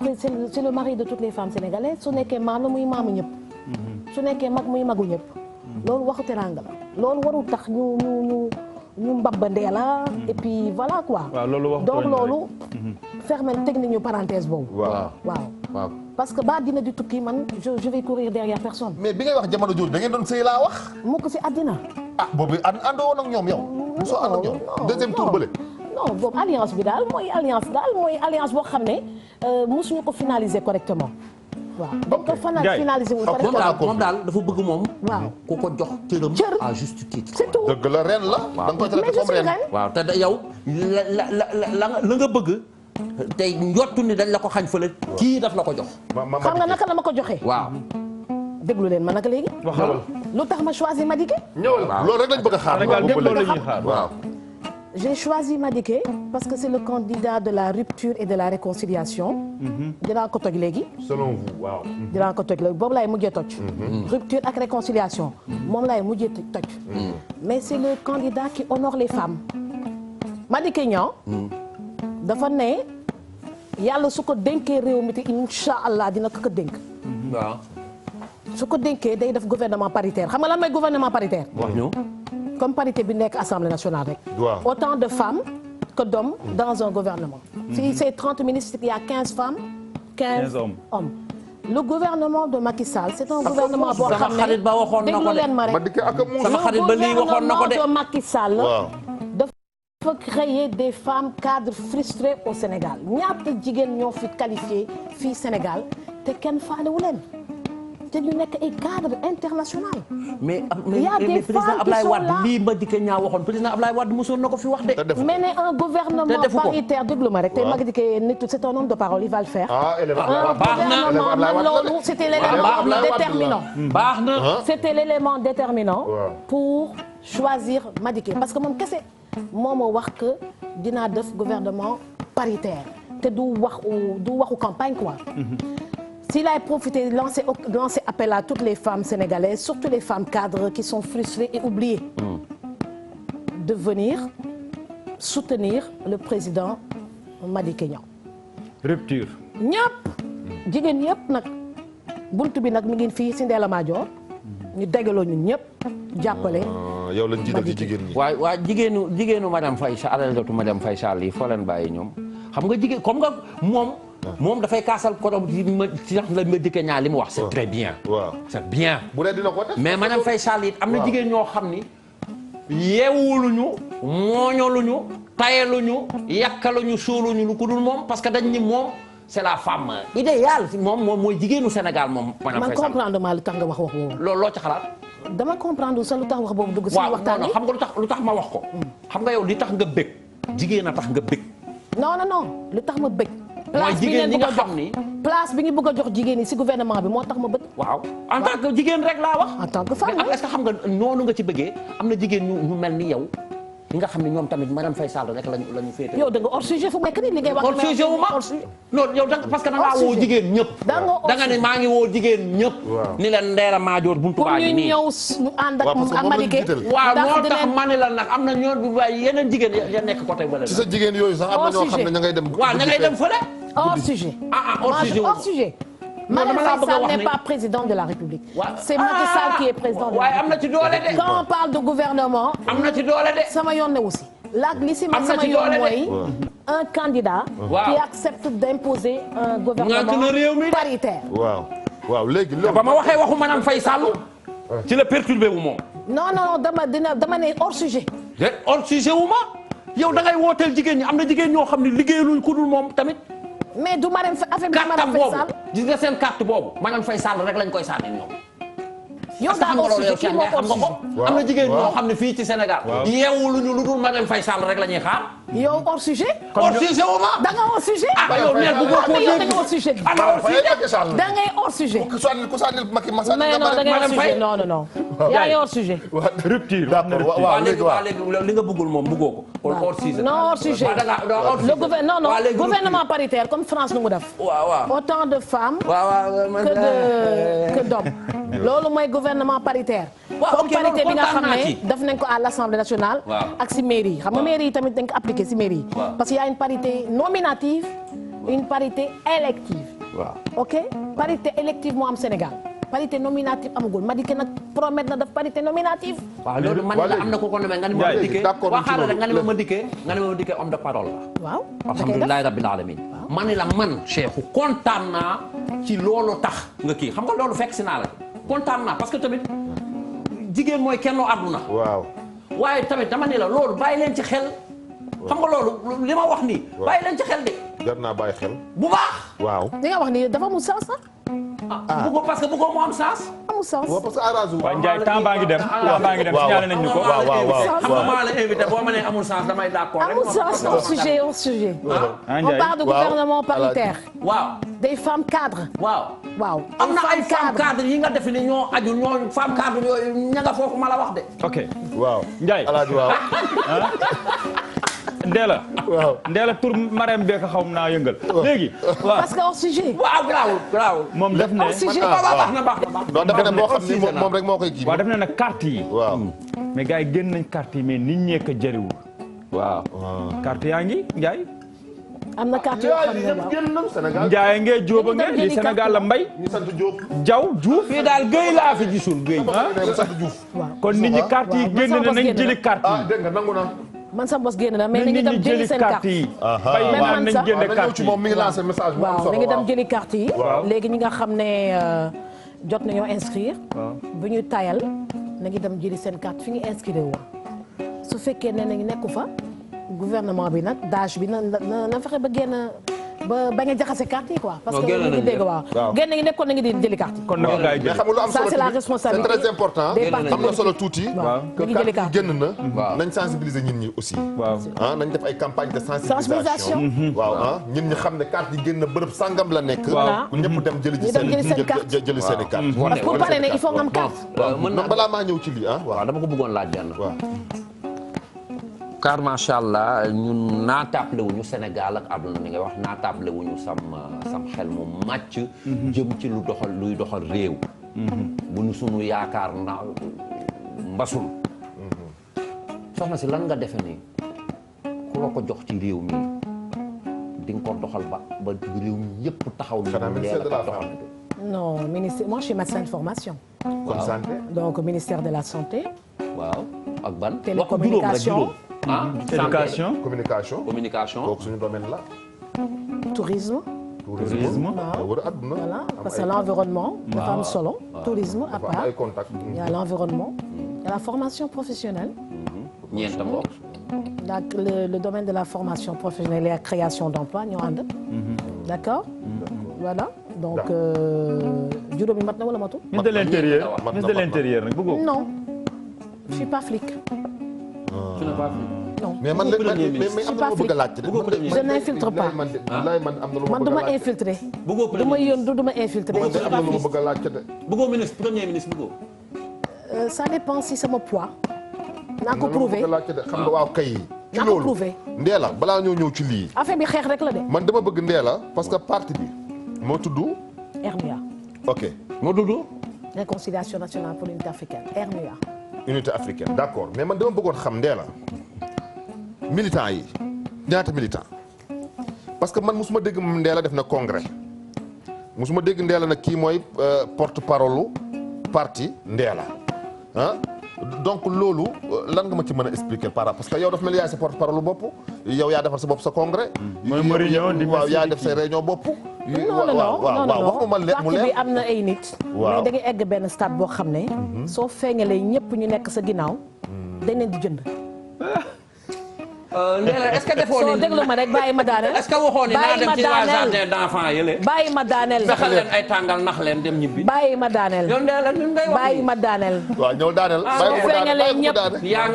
c'est le mari de toutes les femmes sénégalaises su nekkee maam la muy maamu ñëpp mhm. su nekkee mag muy magu ñëpp mhm. loolu waxu teraanga la loolu warul tax ñu ñu ñu ñu mbabbandee la et puis voilà quoi loolu fermel teg nañu parenthèse boobu waaw waaw parce que ba dina di tukki man je je vais courir derrière personne. mais bi ngay wax jamono jooju da ngeen doon sëy wax. mu ko si àddina. ah boobu àndoo woon bu soo ànd ak ñoom deuxième tour bële. non boobu alliance bi daal mooy alliance daal mooy alliance ne euh, mosuñu ko correctement. waaw dañ ko fanaan finalisé wul. moom daal moom daal dafa bëgg moom. waaw ku ko jox cëram. cër à juste titre. surtout dëgg la ren la. waaw da nga koy traité tey njottu ni dañ la ko xañ fële kii daf la ko jox. xam nga naka la ma ko joxe waaw. déglu leen ma nag léegi. lu tax ma choisi Madické. ñëwal loolu rek lañ bëgg a xaar. waaw waaw. j'ai choisi Madické parce que c'est le candidat de la rupture et de la réconciliation. Mhm. dinaa ko toj léegi. selon vous dinaa ko toj boobu laay mujjee toj. Mhm. rupture ak réconciliation. moom laay mujjee toj. Mhm. mais c'est le candidat qui honore les femmes. Madické Niang. dafa ne yàlla su ko dénkee réew mi te incha dina ko ko dénk. waaw. ko dénkee day def gouvernement paritaire xam nga lan mooy gouvernement paritaire. wax ñu. comme parité bi nekk assemblée nationale rek. waaw autant de femmes que d'hommes dans un gouvernement. Mm-hmm. si c'est 30 ministres il y a 15 femmes. 15 hommes 15 hommes. le gouvernement de Macky Sall c'est un gouvernement boo xam ne déglu le gouvernement de Macky dafa créer des femmes cadres frustrées au Sénégal ñaata jigéen ñoo fi qualifié fii Sénégal te kenn faalewu leen te ñu nekk ay cadre international mais mais président Ablaye Wade lii ma dikkee ñaa waxoon président Ablaye Wade mosoon na ko fi wax de. mais ne un gouvernement paritaire déglu ma rek tey ma dikkee nit c'est un homme de parole il va le faire. ah gouvernement man loolu c'était l'élément déterminant. baax na c'était l'élément déterminant. pour choisir Madické parce que moom kese. moo ma wax que dinaa def gouvernement paritaire te du wax du waxu campagne quoi. Mm-hmm. la a profité lancer lancer appel à toutes les femmes sénégalaises surtout les femmes cadres qui sont frustrées et oubliées. Mm. de venir soutenir le président Madické Niang. rupture. ñëpp jigéen ñëpp nag buntu bi nag mi ngi fii si Ndella ñu dagaloo ñun ñëpp jàppale. Ah, yow lañ jiital ci jigéen ñi. waaw waaw jigéenu jigéenu madame Faye Sall alal dootu madame Faye Sall yi foo leen bàyyi ñoom xam nga jigéen comme nga moom. moom dafay kaasal kodom ci ma ci sax la ma dikkee ñaar li mu wax. c'est très bien. waaw c'est bien. bu ko mais madame fay Sall it am na jigéen ñoo xam ni. yeewuluñu mooñoluñu tayeluñu yàkkaluñu suuluñu lu ku dul moom parce que dañ ni moom. c' est la femme idéale moom moom mooy jigéenu Sénégal moom. man comprendre ma lu tax nga wax wax boobu. loolu loo ci xalaat. dama comprendre sa lu tax wax boobu dugg. suñu waxtaan bi xam nga lu tax lu tax ma wax ko. xam nga yow li tax nga bëgg. jigéen a tax nga bëgg. non non non lu tax ma bëgg. place bi ngeen bëgg a jox place bi ngeen bëgg a jox jigéen ñi si gouvernement bi moo tax ma bëgg. waaw en tant que jigéen rek laa wax. en tant que femme est que xam nga noonu nga ci bëggee am na jigéen ñu ñu mel ni yow ñi nga xam ne ñoom tamit Marième Faye Sall rek lañu lañu sujet fu mu nekk nii li ngay wax. hors sujet wu ma non woo jigéen ñëpp. maa ni leen Ndella Madior buntu baa ngi nii. pour ñu ñëw ñu am na ñoo waaye yeneen jigéen ya nekk côté bële. ci sa jigéen yooyu sax am na ñoo xam dem. waaw ña sujet ah, ah, Macky Sall n'est pas président de la République. C'est Macky Sall ah! qui est président de la République. na ci doole de. quand on parle de gouvernement. am na ci doole de. sama yoon ne aussi. laag li si man sama yoon mooy. un candidat. waaw qui accepte d'imposer un gouvernement paritaire. waaw waaw léegi loolu. ba ma waxee waxu maanaam Faye Sall. ci la perturbé wu moom. non non dama dama ne hors sujet. hors sujet wu ma. yow da ngay wooteel jigéen ñi am na jigéen ñoo xam ne liggéeyaluñ ku dul tamit. mais du Marème Faye affaire bi. Marème Faye Sall carte boobu gis nga seen carte boobu Marème Faye Sall rek lañ koy sànni ñoom. yow daa ko sujet kii moo ko sujet am na jigéen ñoo xam ne fii ci Sénégal. yeewu lu ñu lu dul Marième Faye Sall rek la ñuy xaar. yow hors sujet. hors sujet wu ma. da nga hors sujet. ah yow mel bu booboo dégg nga hors sujet. Ah, da ngay hors sujet. ku sànni ku sànni Macky Massa. mais non da ngay hors sujet non non non. yaa ngi hors sujet. rupture d'accord waaw léegi waaw léegi li nga bëggul moom bëggoo ko. kon hors sujet. non hors sujet. le gouvernement non non gouvernement paritaire comme France nu mu def. waaw waaw autant de femmes. waaw waaw que de euh, que d'hommes. loolu mooy gouvernement paritaire. waaw parité bi nga xam ne def nañ ko à l' assemblée nationale. ak si mairie yi xam nga mairie yi tamit dañ ko appliqué si mairie yi. parce que y' a une parité nominative. une parité élective. waaw ok parité élective moo am Sénégal. parité nominative amagul ma dikkee nag promet na daf parité nominative. waaw loolu man la am na ko ko nomee nga ne ma dikkee waaw xaaral rek nga ne ma ma dikkee homme de parole la. waaw alhamdulilahi rabbil man Cheikhou kontaan ci loolu tax nga kii xam nga loolu fekk si naa la. kontaan naa parce que tamit jigéen mooy kennoo àdduna. waaw waaye tamit dama ne la loolu bàyyi leen ci xel. xam nga loolu li ma wax nii. bàyyi leen ci xel de. jar naa bàyyi xel. bu baax. waaw li nga wax nii dafa mu sens sax. Ah. ah bëggoo parce que bëggoo mu am sens. amul sens waaw parce que arrangé wu. waaw Ndiaye temps baa ngi dem waaw ah, baa ngi dem signalé nañu ko. waaw waaw waaw xam nga maa la invité boo ma nee amul sens damay d'accord. amul sens au sujet au sujet. Ah. Ah, on parle de gouvernement paritaire. waaw des femmes cadres. waaw waaw. am na ay femmes cadres yi nga def ni ñoo aju ñoo femmes cadres yooyu ña nga foofu ma la wax de. ok waaw Ndiaye alaaji waaw. Ndéla. waaw Ndéla tur Marème Beka xaw naa yëngal. léegi waaw parce que au sujet. waaw garaawul garaawul moom def ne baax na na dafa moo koy kii waaw daf ne yi waaw hmm. mais gars yi nañ carte yi mais nit ñee ko jëriwul waaw carte yaa ngi Ndiaye am na carte yoo xam ne waaw Sénégal Ndiaye ngee Diop ngee li Sénégal la mbay ñu sant Diop Diaw Diouf fii daal Guèye laa fi gisul Guèye kon nit ñi carte yi génn na nañ jëli carte yi ah, man sa bos génn na mais nañu dem jëli seen carte yi même man sax waaw ci moom mi ngi lancé message bu am solo waaw nañu dem jëli carte yi. léegi ñi nga xam ne euh, jot nañoo inscrire. bu ñu tayal nañu dem jëli seen carte fi ñu inscrire woon su fekkee ne nañu nekku fa gouvernement bi nag daje bi na na na fexe ba génn. ba bañ a jaxase carte yi quoi. parce que loolu la ñuy di jëli carte yi. kon nga lu am solo ça c'est la responsabilité c'est très important. na solo tuuti. waaw que carte yi génn na. nañ sensibiliser ñin ñi aussi. waaw ah, nañ def ay campagne de sensibilisation. Mhm. waaw ah ñin ñi xam ne carte yi génn bërëb sangam la nekk. waaw ku ñëpp dem jëli seen jëli seen carte jëli seen i carte. parce pour pare ne il faut nga am carte. balaa maa ñëw ci lii ah waaw dama ko bëggoon laa benn. waaw car macha allah ñun naataable wuñu Sénégal ak àdduna mi ngay wax naataable wuñu sam sam xel mu màcc. jëm ci lu doxal luy doxal réew. bu ñu sunu yaakaar na mbasul. soxna si lan nga defe ni ku la ko jox ci réew mi din nga ko doxal ba ba réew mi yëpp taxaw. xanaa ministère de la doxal. non ministère moi je suis médecin de formation. comme santé donc ministère de la santé. ak ban télécommunication ah éducation communication communication donc suñu domaine la. tourisme. tourisme waaw wër àdduna. voilà parce que l'environnement. waaw dafa am solo. tourisme à part ay contact il y a l'environnement. il y a la formation professionnelle. Mm-hmm. ñeent tam mm-hmm. bokk. la le, le domaine de la formation professionnelle et la création d'emploi ñoo ànd. Mm-hmm. d'accord. voilà donc euh, juróomi mat na wala matu. mat na ministre de l'intérieur ministre de l'intérieur nag bëggoo. non je suis pas flic. Euh, tu n'as pas mais man mais am na lu ma bëgg laajte je n'infiltre pas am na lu ma bëgg a laajte man du ma infiltrer. bëggoo premier ministre du ma yónn du ma infiltrer. man de am na ma bëgg a laajte de. bëggoo ministre premier ministre bëggoo. Euh, ça dépend xam nga waaw kay. ci loolu Ndéla balaa ñoo ñëw ci lii. affaire bi xeex rek la de. man dama bëgg Ndéla parce que parti bi moo tudd. RNUA. ok moo tudd. réconciliation nationale pour l'unité africaine RNUA. unité africaine d'accord mais man dama bëggoon xam ndee la yi ñaata militant parce que man mosuma dégg moom ndee def na congrès mosuma dégg ndee la nag kii mooy euh, porte parole parti ndee la ah donc loolu euh, lan nga ma ci mën a expliquer par parce que yow daf mel yaay sa porte parole bopp yow yaa defar sa bopp sa congrès. Mm. mooy yaa def sa réunion bopp. non non non non non pàcc bi am na ay nit. waaw mais egg benn stade boo xam ne. Mhm. soo feeñalee ñëpp ñu nekk sa ginnaaw. Mhm. dañ di jënd. Ndéla euh, est-ce que soo déglu ma rek bàyyi ma daaneel. est leen ay tàngal nax leen dem ñibbi. bàyyi ma daaneel yow bàyyi ma daaneel. waaw ñëw daaneel ah, yaa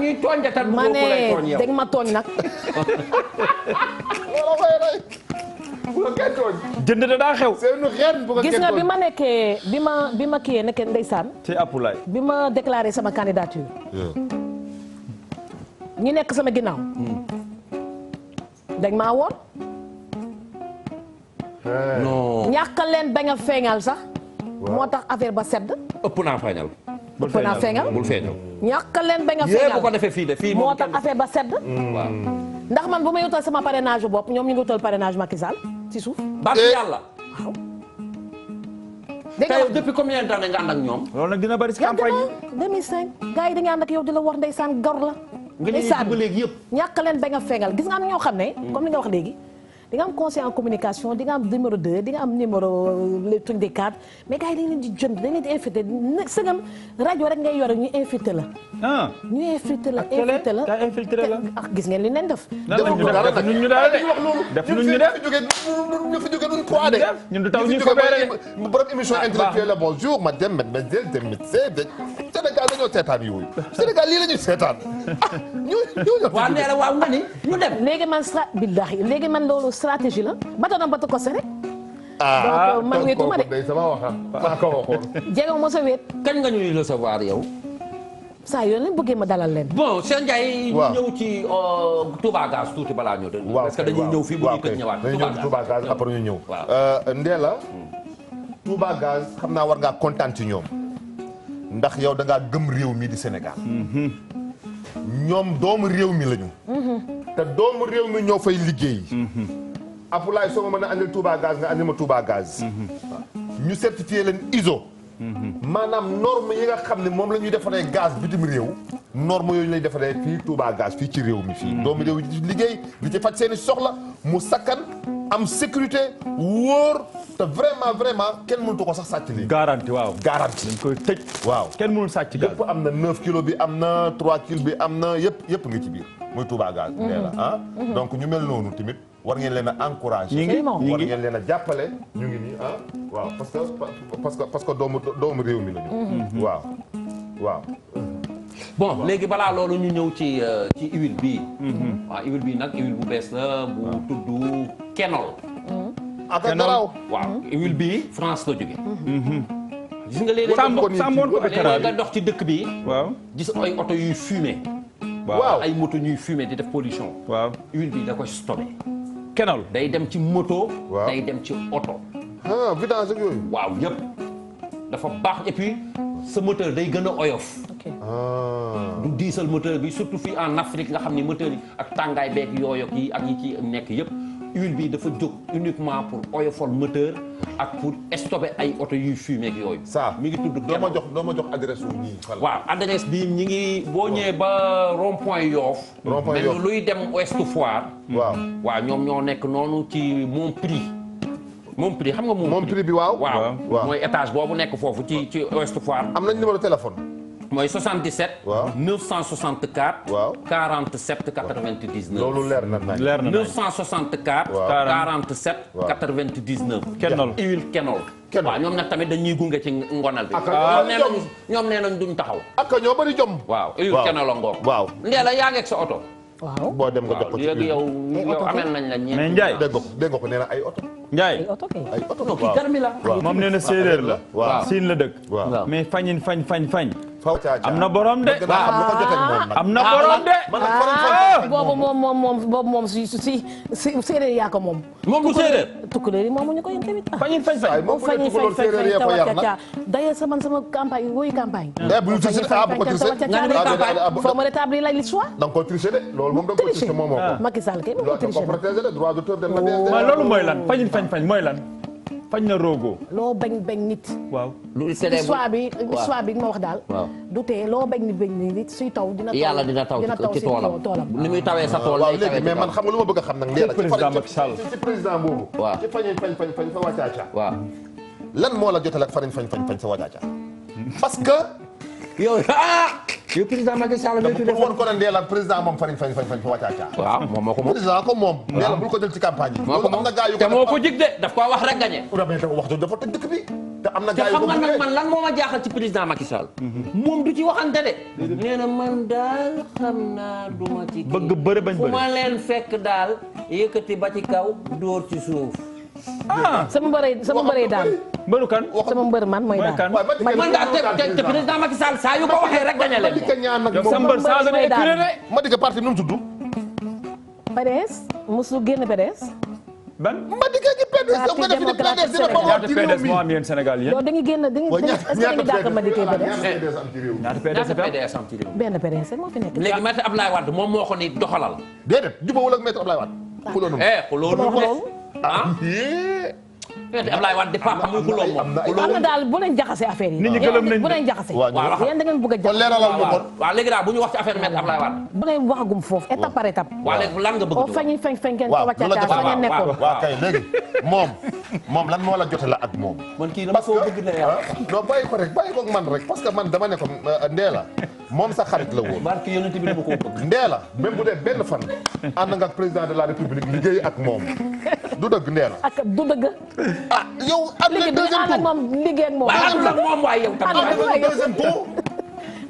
ñuy tooñ te tat. ma tooñ nag. bu jënd da daa xew. seenu gis nga bi ma nekkee bi ma bi ma kiyee nekkee ndeysaan. ci Apulaay. bi ma déclaré sama candidature. ñi nekk sama ginnaaw. dañ maa woon. non. ñàkk leen bañ a feeñal sax. moo tax affaire ba sedd. ëpp naa feeñal. ëpp naa feeñal bul feeñal. ñàkk leen a feeñal yéen fii de fii moo tax affaire ba sedd. Mm. ndax man bu may utal sama parrainage bopp ñoom ñu ngi utal parrainage Macky Sall ci suuf. barke eh. yàlla waaw. dégg nga depuis combien de nga ànd ak ñoom. loolu nag dina bari ci campagne yi 2005 gars yi dañuy ànd ak yow di la war ndeysaan gor la. ndeysaan nga léegi yëpp. ñàkk leen ba nga fengal gis nga am ñoo xam ne. Hmm. comme li nga wax léegi. di nga am conseil en communication di nga am numéro 2 di nga am numéro euh, le truc des cadres mais gars yi dañ leen di jënd dañ leen di invité sëgam rajo rek ngay yore ñu invité la. ah ñu invité la invité la infiltré la ah gis ngeen li leen def. def ñu dara nag ñu dara wax loolu. def ñu ñu def ñu fi jógee duñ croix de. ñun du taw ñu ko béré borom émission ah, intellectuelle la bonjour ma dem ma dem dem Sénégal dañoo seetaan yooyu Sénégal lii la ñuy seetaan ah ñu ñu. waaw nee na waaw nga ni ñu dem. léegi man sa billahi léegi man loolu stratégie la bata na bata ko sere ah donc ah, man wéetuma de sama wax ah. maa ko waxoon. jéego ma sa wéet. kañ nga ñuy recevoir yow. saa yoon lañ bëggee ma dalal leen. bon Cheikh Ndiaye. ñëw ci euh, Touba Gaz tuuti balaa ñëw de. waaw dañuy ñëw fii bu ñu ko ñëwaat. Touba Gaz Touba Gaz après ñu ñëw. waaw euh, xam naa war ngaa kontaan ci ñoom. ndax yow da gëm réew mi di Sénégal. Mhm. ñoom doomu réew mi lañu. Mhm. te doomu réew mi ñoo fay liggéey. Mhm. Apulaay soo ma mën a andil Touba gaz nga andil ma Touba gaz. Mhm. ñu certifié leen ISO. Mhm. maanaam norme yi nga xam ne moom la ñuy defaree gaz bitim réew. norme yooyu lay defaree fii Touba gaz fii ci réew mi fii. Mhm. doomu réew yi liggéey di ci faj seen soxla mu sakkan am sécurité wóor te vraiment vraiment kenn mënut ko sax sàcc lii. garanti waaw garanti. dañ waaw kenn mënul sàcc gaz. yëpp am na 9 kilo bi am na 3 kilo bi am na yëpp yëpp nga ci biir muy Touba ah. ñu mel noonu tamit. war ngeen leen a encouragé. ñu ngi war ngeen leen a jàppale. ñu ngi nii ah, waaw parce que parce que parce que doomu doomu réew mi la ñu. Mm-hmm. waaw waaw. bon léegi balaa loolu ñu ñëw ci euh, ci huile bii. Mm-hmm. waaw huile nag huile bu bees la bu tudd kenol. Mm-hmm. avec daraw waaw huile France la jógee. gis nga léeg-léeg nga dox ci dëkk bi. waaw gis ay oto yuy fumé. waaw ay moto ñuy fumé di def pollution. waaw huile bi da koy stoppé. kenal day dem ci moto. day dem ci oto. ah vidange ak yooyu. waaw yëpp dafa baax et sa moteur day gën a oyof. Ah. du diisal moteur bi surtout fii en Afrique nga xam ni moteur yi ak tàngaay beeg yooyo yi ak yi ci nekk yëpp. huile bi dafa jóg uniquement pour oyofol moteur ak pour stopper ay oto yuy fumé ak yooyu. saa mi ngi tudd doo ma jox doo ma jox adresse wu ñii. waaw adresse bii ñi ngi boo ñëwee ba rond point Yoff. luy dem ouest foire. waaw waaw ñoom ñoo nekk noonu ci Mon Prix. Mon Prix xam nga Mon Prix bi waaw. waaw mooy étage boobu nekk foofu ci ci ouest foire. am nañ numéro téléphone. mooy 77. waaw 964. waaw 47 99. loolu leer na nañ. leer na nañ 964. waaw 47. waaw 99. kennol huile kennol. kenn ñoom nag tamit dañuy gunge ci ngonal bi. ñoom nee nañ ñoom taxaw. ak ñoo bëri jom. waaw huile kennol la ngoog. waaw ndee la yaa ngeeg sa oto. waaw boo dem na ay oto. Ndiaye ay oto kay ay oto. waaw kii garmi la. moom nee na séeréer la. waaw siin la dëkk. mais fañin fañ fañ fañ. faw caa am na borom de. am na borom de. Ah, ah, boobu moom moom moom boobu moom si si séeréer yaa ko moom. moom du séeréer. tukkuleer yi moomu ñu ko yéen tamit. fañin fañ fañ moom fañin fañ fañ tawa caa d'ailleurs sama sama campagne wooyu campagne. Eh, bu ñu triché ah bu ko triché ah, faut loolu moom da nga ko triché moom moo ko. Macky Sall oh. loolu mooy lan fañin fañ fañ mooy lan. fañ na roogo. loo bañ bañ nit. waaw lu histoire bi histoire bi ma wax daal. waaw du tee loo bañ nit bañ nit suy taw. dina taw yàlla dina taw ci toolam ni muy tawee sa tool lay tawee mais man xam nga lu ma bëgg a xam nag. léegi président Macky Sall ci président boobu. waaw ci fañ fañ fañ fañ sa waa caaca. waaw lan moo la jotal ak fañ fañ fañ fañ sa waa caaca parce que. yow ah. yow président Macky Sall la tuddee woon ko ne Ndéla président moom fañ fañ fañ fañ moo ko moom président ko moom. Ndéla bul ko jël koo wax rek gañe. wax dëgg dafa tëj dëkk ko lan moo jaaxal ci président Macky Sall. moom du ci waxante de. nee na man daal xam naa du ma ci. bëgg bëri bañ bëri fu ma leen fekk daal yëkkati ba ci kaw dóor ci suuf. ah sama mbërëy sama mbërëy daan. mbëru kan sama mbër man mooy daan. man daa te président Macky Sall saa yu ko waxee rek dañu leen ko. ma dikk parti bi nu mu tudd. PDS mosu génn PDS. ban Madické gi PDS am nga def ni PDS dina ko wax ci réew mi moo am yéen Sénégal yéen. yow da nga génn da nga est-ce que da nga dàq Madické PDS. ñaata PDS am ci réew mi benn PDS rek moo fi nekk. léegi maître Abdoulaye Wade moom ni doxalal. ah. Ablaye Wade papa muy xuloo moom am na daal bu leen jaxase affaire yi nit ñi gëlëm nañ bu leen jaxase yéen da ngeen bëgg a jaxase leeralal ma kon waaw léegi daal bu ñu wax ci affaire Me Ablaye Wade bu leen waxagum foofu étape par étape waaw léegi lan nga bëgg o fañi fañ fañ ngeen ko wàccataa fa ngeen nekkoon waaw kay léegi moom moom lan moo la jote la ak moom man kii dama ko bëgg na yàlla ah, non bàyyi ko rek bàyyi ko man rek parce que man dama ne ko euh, ndee la moom sa xarit la woon barke yonent bi dama ko bëgg ndee la même bu dee benn fan ànd nga ak président de la république liggéey ak moom du dëgg ndee la ak du dëgg ah yow am na deuxième pot liggéey ak moom ànd ak moom waaye yow tam am na deuxième pot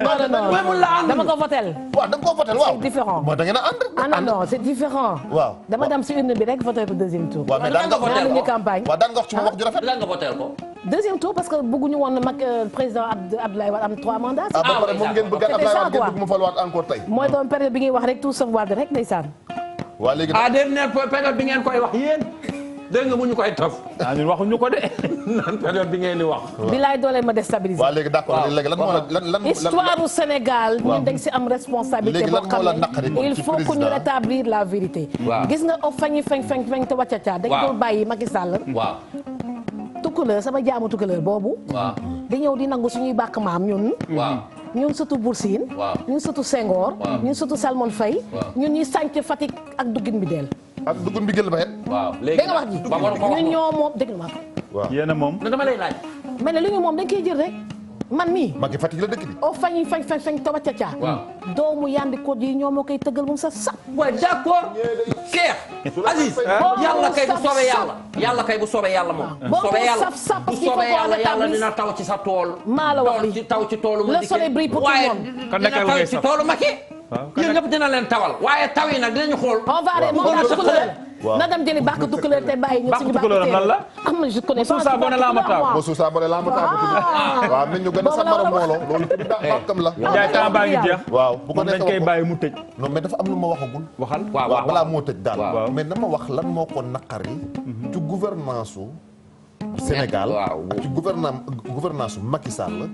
non non dama ko votel waaw dama ko votel waaw c'est différent bon da ngeen a ànd ah non non c'est différent waaw dama dem si urne bi rek voté ko deuxième tour waaw mais daan nga votel ko campagne waaw daan nga wax ci ma wax ju rafet daan nga votel ko deuxième tour parce que bëgguñu woon mag euh, président Abdoulaye Wade am trois mandats ah ba pare moom ngeen bëgg ah, Abdoulaye Wade ngeen bëgg mu faluwaat encore tey mooy doon période bi ngay wax rek tout sauf Wade rek ndeysaan waa léegi ah dernière période bi ngeen koy wax yéen dégg nga bu ñu koy taf. ah ñun waxuñu ko de. naan période bi ngeen di wax. bi laay doole ma déstabiliser. waaw léegi d'accord léegi lan moo la lan lan histoire du Sénégal. ñun dañ si am responsabilité boo xam ne il faut que ñu rétablir la vérité. gis nga of fañi fañ fañ fañ te wàcca caa. dañ ko bàyyi Macky Sall. waaw. tukkuleur sama jaamu tukkuleur boobu. waaw di ñëw di nangu suñuy bàkk maam ñun. waaw. ñun surtout Boursine. waaw ñun surtout Senghor. ñun surtout Salmon Faye. ñun ñuy sànq Fatick ak duggin bi deel ak dugub bi gën ba waaw léegi nga wax ji ñun ñoo moom dégg nga a moom. dama lay laaj. mais nag li moom dañ koy rek man mii. Macky Fatick la dëkk bi. oh fañ fañ fañ fañ toba caca. waaw doomu yandi ko yi ñoo moo koy tëgël moom sax sax. waaw d'accord. Cheikh. Aziz oh, yàlla kay bu soobee yàlla. yàlla kay bu soobee yàlla moom. bu soobee yàlla bu soobee yàlla dina taw ci sa tool. maa la wax taw ci toolu. le soleil brille pour tout yéen ñëpp dina leen tawal waaye taw yi nag dinañu xool. on va aller moom na dem jëli bàq tukulóor te bàyyi ñu suñu bàq tukulóor lan la. am ah, na je connais pas suusaa bone laama taaw waaw suusaa bone laama taaw ah. waaw nañ ñu gën a sàmmara mooloo loolu tudd bàqam la jaay temps baa ngi jeex waaw bu ko dañ koy bàyyi mu tëj non mais dafa am lu ma waxagul waxal waaw balaa moo tëj daal mais dama wax lan moo ko naqari ci mhm. gouvernement su Sénégal ak ci gouvernement gouvernance Macky Sall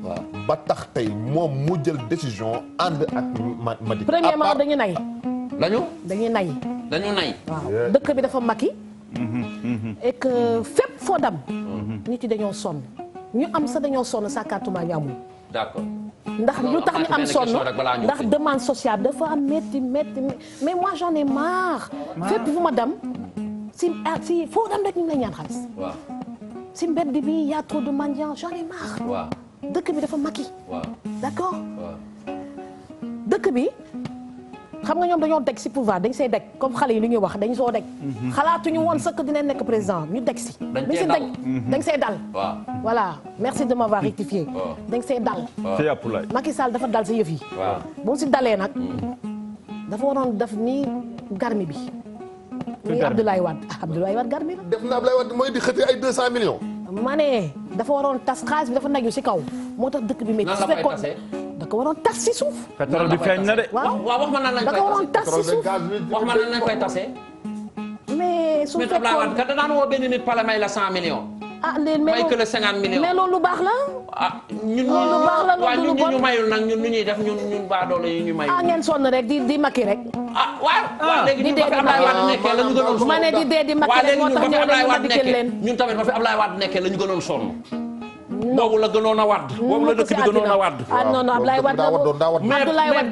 ba tax tey moom mu jël décision ànd ak Madické premièrement dañu nay dañu dañuy nay dañu nay waaw dëkk bi dafa Macky mm-hmm. Mm-hmm. et que foo dam mm-hmm. nit yi dañoo sonn ñu am sa dañoo sonn sàkkaatuma ñu amul ndax lu tax ñu am sonn ndax demande sociale dafa am métti mais moi j'en ai marre fépp fu ma dem si ah, foo dam rek ñu lay ñaan xaalis si mbedd bi y a trop de mendiants j'en ai marre. dëkk bi dafa makki. d'accord. dëkk bi xam nga ñoom dañoo deg si pouvoir dañ say deg comme xale yi lu ñuy wax dañ soo deg. Mhm. xalaatuñu woon sëkk dinañ nekk président ñu deg si. dañ see dal mhm. dañ see dal. waaw voilà merci de m'avoir rectifié. dañ see dal. waaw Macky dafa dal sa yëf yi. waaw bu si dalee nag. Mhm. dafa waroon def nii garmi bi. muy Abdoulaye Wade ah Abdoulaye Wade garmi la. def na Abdoulaye Wade mooy di xëtee ay 200 millions. ma ne dafa waroon tas xaalis dafa naju si kaw moo tax dëkk bi métti. a fekkoon da ko waroon tas si suuf. pétrole bi feeñ na de. waaw waaw wax ma nan lañ ko waroon tas si suuf. wax ma nan lañ koy tasee. mais su fekkoon mais Abdoulaye ah may que le cinquante millions mais loolu lu baax la. ah ñun ñu oh, lu baax la waaw ñun ñu ñu mayul nag ñun nu ñuy def ñun ñun baadoolo yi ñu mayul. ah ngeen sonn rek di di makki rek. ah ñu ba fi Ablaye Wade nekkee la ñu gënoon sonn. ma ne di dee di makki rek moo tax ñëw leen ma dikkee leen. ñun tamit ba fi Ablaye Wade nekkee la ñu boobu la gënoon a wadd boobu la dëkk bi gënoon a wadd ah non non Abdoulaye Wade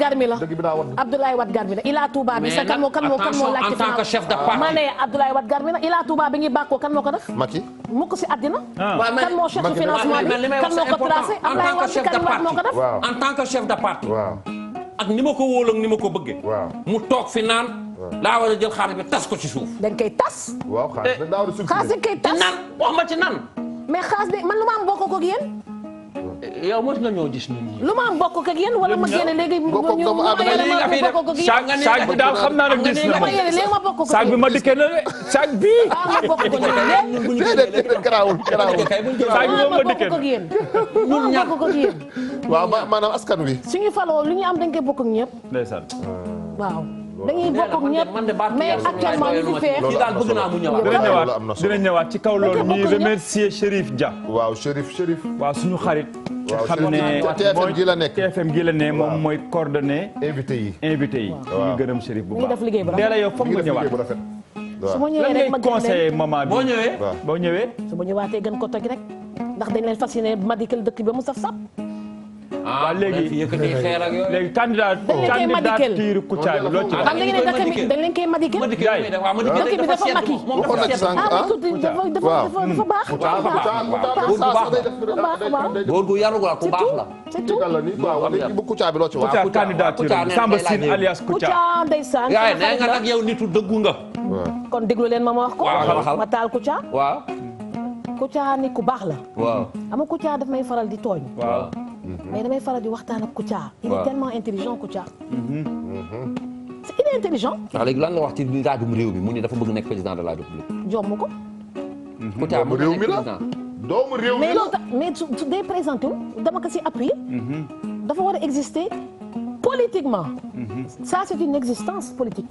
Abdoulaye Wade garmi la la Ila Touba bi sa kan moo kan moo kan moo laajte en tant de parti ma ne Abdoulaye Wade garmi la Ila Touba bi ngi bàkkoo kan moo ko def Macky mukk si àddina ah. kan moo chef de financement bi kan moo ko tracé Abdoulaye Wade kan moo ko def en tant que chef de parti ak ni ma ko wóolu ak ni ma ko bëggee a jël xaalis bi tas ko ci suuf dañ koy tas waaw xaalis tas te naan wax mais xaas bi man lu ma am bokk ko ak yéen. yow mos nga ñoo gis ñun ñii. lu ma am bokk ko ak yéen wala ma génne léegi. bokk ak doomu aadama léegi nga fi def ah, saag bi daal xam naa ne gis na ma léegi ma bokk ko saag bi ma dikkee na de saag bii. ah ma bokk ko ñu ne de. déedéet déedéet garaawul garaawul. saag bi moom ma dikkee na ñun ñaar ma bokk ko ak yéen. waaw maanaam askan wi. suñu faloo lu ñu am dañ koy bokk ak ñëpp. ndeysaan waaw. dañuy bokk ak ñëpp mais actuellement li fi feex ci daal bëgg naa mu ñëwaat dina ñëwaat ci kaw loolu ñuy remercier Chérif Dia waaw Chérif Chérif waaw suñu xarit waaw xam ne TFM gi la nekk TFM gi la ne moom mooy coordonné invité yi invité yi ñu gërëm Chérif bu baax Ndella yow foog nga ñëwaat su ma ñëwee rek ma conseillé maman bi boo ñëwee boo ñëwee su ma ñëwaatee gën ko toj rek ndax dañ leen fas yéene madikal dëkk bi ba mu saf sap ah léegi yëkkati xeer ak yooyu léegi candidat candidature Kouthia bi loo ci wax. dañ leen koy dañ leen koy madikel. madikel bi dafa maki. waxoon na ci sànq ah dafa dafa baax. góor gu yaru la ku baax la. c'est tout waaw léegi bu Kouthia bi loo ci wax. Kouthia candidature bi Samba Sine alias Kouthia. Kouthia ndeysaan. yaa ngi ne nga nag yow nitu dëggu nga. kon déglu leen ma ma wax ko. waaw ma taal Kouthia. waaw. Kouthia ni ku baax la. waaw ama Kouthia daf may faral di tooñ. waaw. Mhm. mais damay faral di waxtaan ak Kouthia. il est tellement intelligent Kouthia. Mhm. c' est il est intelligent. ndax léegi lan la wax ci laajum réew mi mu ne dafa bëgg nekk président de la république. jomm ko. Mhm. Kouthia mu réew mi la doomu réew mi la mais su day présenté dama ko si appuyé. dafa war a exister politiquement. ça c' est une existence politique.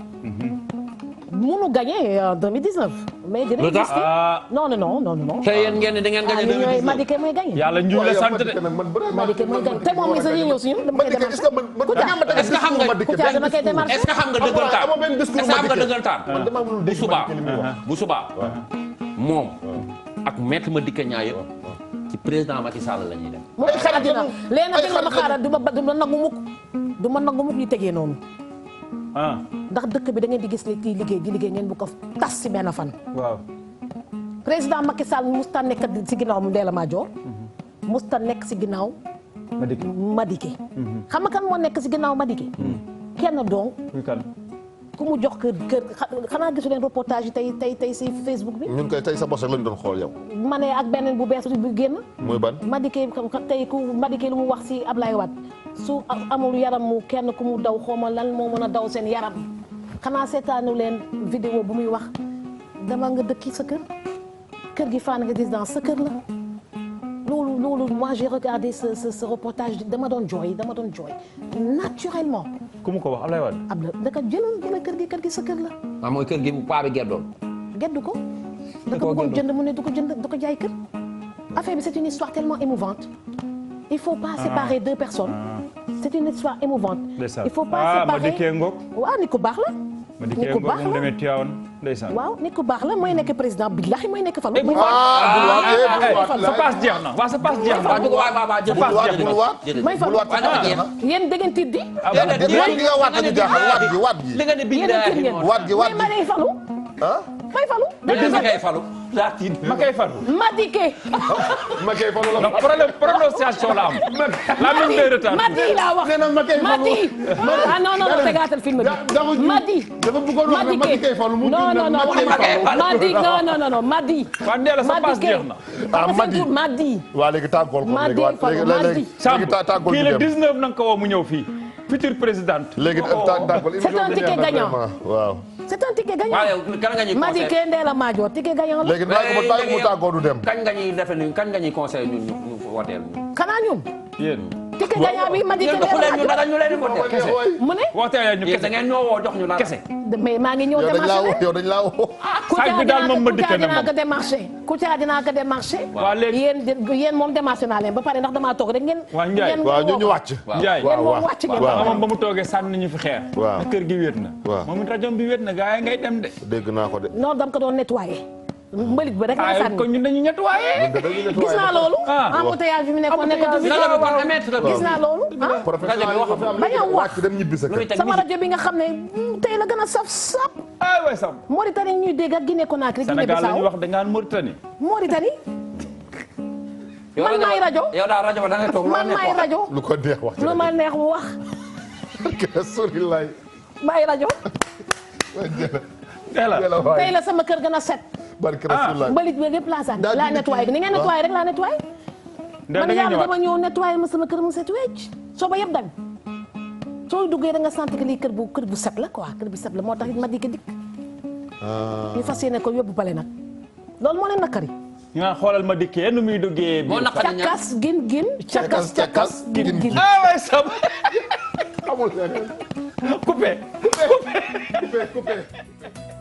mënu gagné en 2019. mais dinañ gis non non non non non. te yéen ngeen ne da ngeen gagné. ah Madické mooy gagné. yàlla ñu la sant de. Madické mooy gagné te moom message yi ñëw si ñun. Madické est-ce que man est-ce que xam nga est-ce que xam nga dëggal taam est-ce que xam nga dëggal taam bu subaa bu uh-huh. subaa uh-huh. moom ak maître Madické Niang yëpp ci président Macky Sall la ñuy dem. ay xarit dina ay xarit dina léegi nag dina ma xaaral du ma nangu mukk du ma nangu mukk ñu tegee noonu Ah. ndax dëkk bi da ngeen di gis ne kii liggéey di liggéey ngeen bu ko tas si benn fan. waaw président Macky Sall musta si ginnaaw mu Ndella Madior. Mhm. musta nekk si ginnaaw. Madické Madické. Mhm. xam nga kan moo nekk ci si ginnaaw Madické. Mhm. kenn doon. ku mu jox kër kër xanaa gisu leen reportage yi tey tey tey si Facebook bi. ñun kay tey sa bos rek lañ doon xool yow. ma ne ak beneen bu bees bu génn. muy ban Madické tey ku Madické lu mu wax si Ablaye Wade. su amul yaram mu kenn ku mu daw xawma lan moo mën a daw seen yaram xanaa seetaanu leen vidéo bu muy wax dama nga dëkki sa kër kër gi faan nga résidence sa kër la loolu loolu moi j'ai regardé ce ce ce reportage dama doon jooy dama doon jooy naturellement. ku mu ko wax Ablaye Wade. Abla da ko jëloon mu ne kër sa kër la. ah mooy kër gi bu ko. da ko bëggoon mu ne du ko jënd du ko jaay kër. affaire bi c'est une histoire tellement émouvante. il faut pas séparer deux personnes. c'est une histoire émouvante. il faut pas séparer ah ma dikkee Ngok. waaw ni ko baax la. ma dikkee Ngok mu demee Thiawane ndeysaan. waaw ni ko baax la mooy nekk président billahi mooy nekk fan. ah bul sa paas jeex na waaw sa paas jeex na. may fa yéen da ngeen tiddi. ah waat gi waat gi waat gi. li nga ne billahi waat gi waat gi mais ma lay falu. ma kay falu. laati ma kay falu. ma dikkee. ma kay falu la. problème prononciation la am. la ma di laa wax. nee na ma kay falu. ma di. ah non non tegaatal film ma di. dafa bëggoon wax ma di kay falu. mu non non non ma di non non non ma di. waaw na. ah ma di ma di. waa léegi tàggool ko léegi waa léegi léegi tàggool kii le 19 na nga ko mu ñëw fii. future présidente. léegi oh. tàggool émission bi neex na waaw. c'est un ticket gagnant. waaw yow kan nga ñuy ma di kee Ndéla Madior ticket gagnant la. léegi léegi léegi yow kañ nga ñuy defe ni kañ nga conseil ñun ñu wooteel. xanaa ñun. yéen. ticket gagnant bi ma di jox leen ñu dara ñu leen kese mu ne maa ngi ñëw démarché yow dañ laa woo ah, Kouthia bi moom ma na moom Kouthia dinaa ko démarché Kouthia dinaa ko démarché waaw léegi yéen yéen naa leen ba pare ndax damaa toog rek ngeen waaw Ndiaye waaw ñu ñu wàcc Ndiaye yéen moom wàcc ngeen moom ba mu toogee sànni ñu fi xeer kër gi wéet na moom it rajo bi wéet na gaay ngay dem de dégg naa ko de non dam ko doon nettoyé mbalit ba rek la sànni ñu ñun ñu nettoyé gis naa loolu ah. Ah, embouteillage bi mu nekkoon nekkatu fi gis naa loolu ah. bañam wax sama rajo bi nga xam ne tey la gën a saf sap ay way sam Mauritanie ñuy dégg ak Guinée Conakry Guinée Bissau Sénégal lañu wax da nga Mauritanie Mauritanie man maay rajo yow daal rajo ba da ngay man maay rajo lu ko neex wax lu ma neex mu wax maay rajo tey la sama kër gën a set. barke ah. Rasulullah mbalit bi yëpp laa sànni. laa nettoyé bi ni ngeen nettoyé rek laa nettoyé. man yàlla dama ñëw nettoyé ma sama kër mu set wecc soo ba yëpp dañ soo duggee da nga sant que lii kër bu kër bu set la quoi kër bu set la moo tax it ma dikk dikk. Ah. ñu fas yéene ko yóbbu bale nag loolu moo leen nakari. ñu naan xoolal ma dikkee nu muy duggee. moo naqari ñaar cakas gin gin. cakas cakas gin gin ah waay sab amul coupé coupé coupé coupé.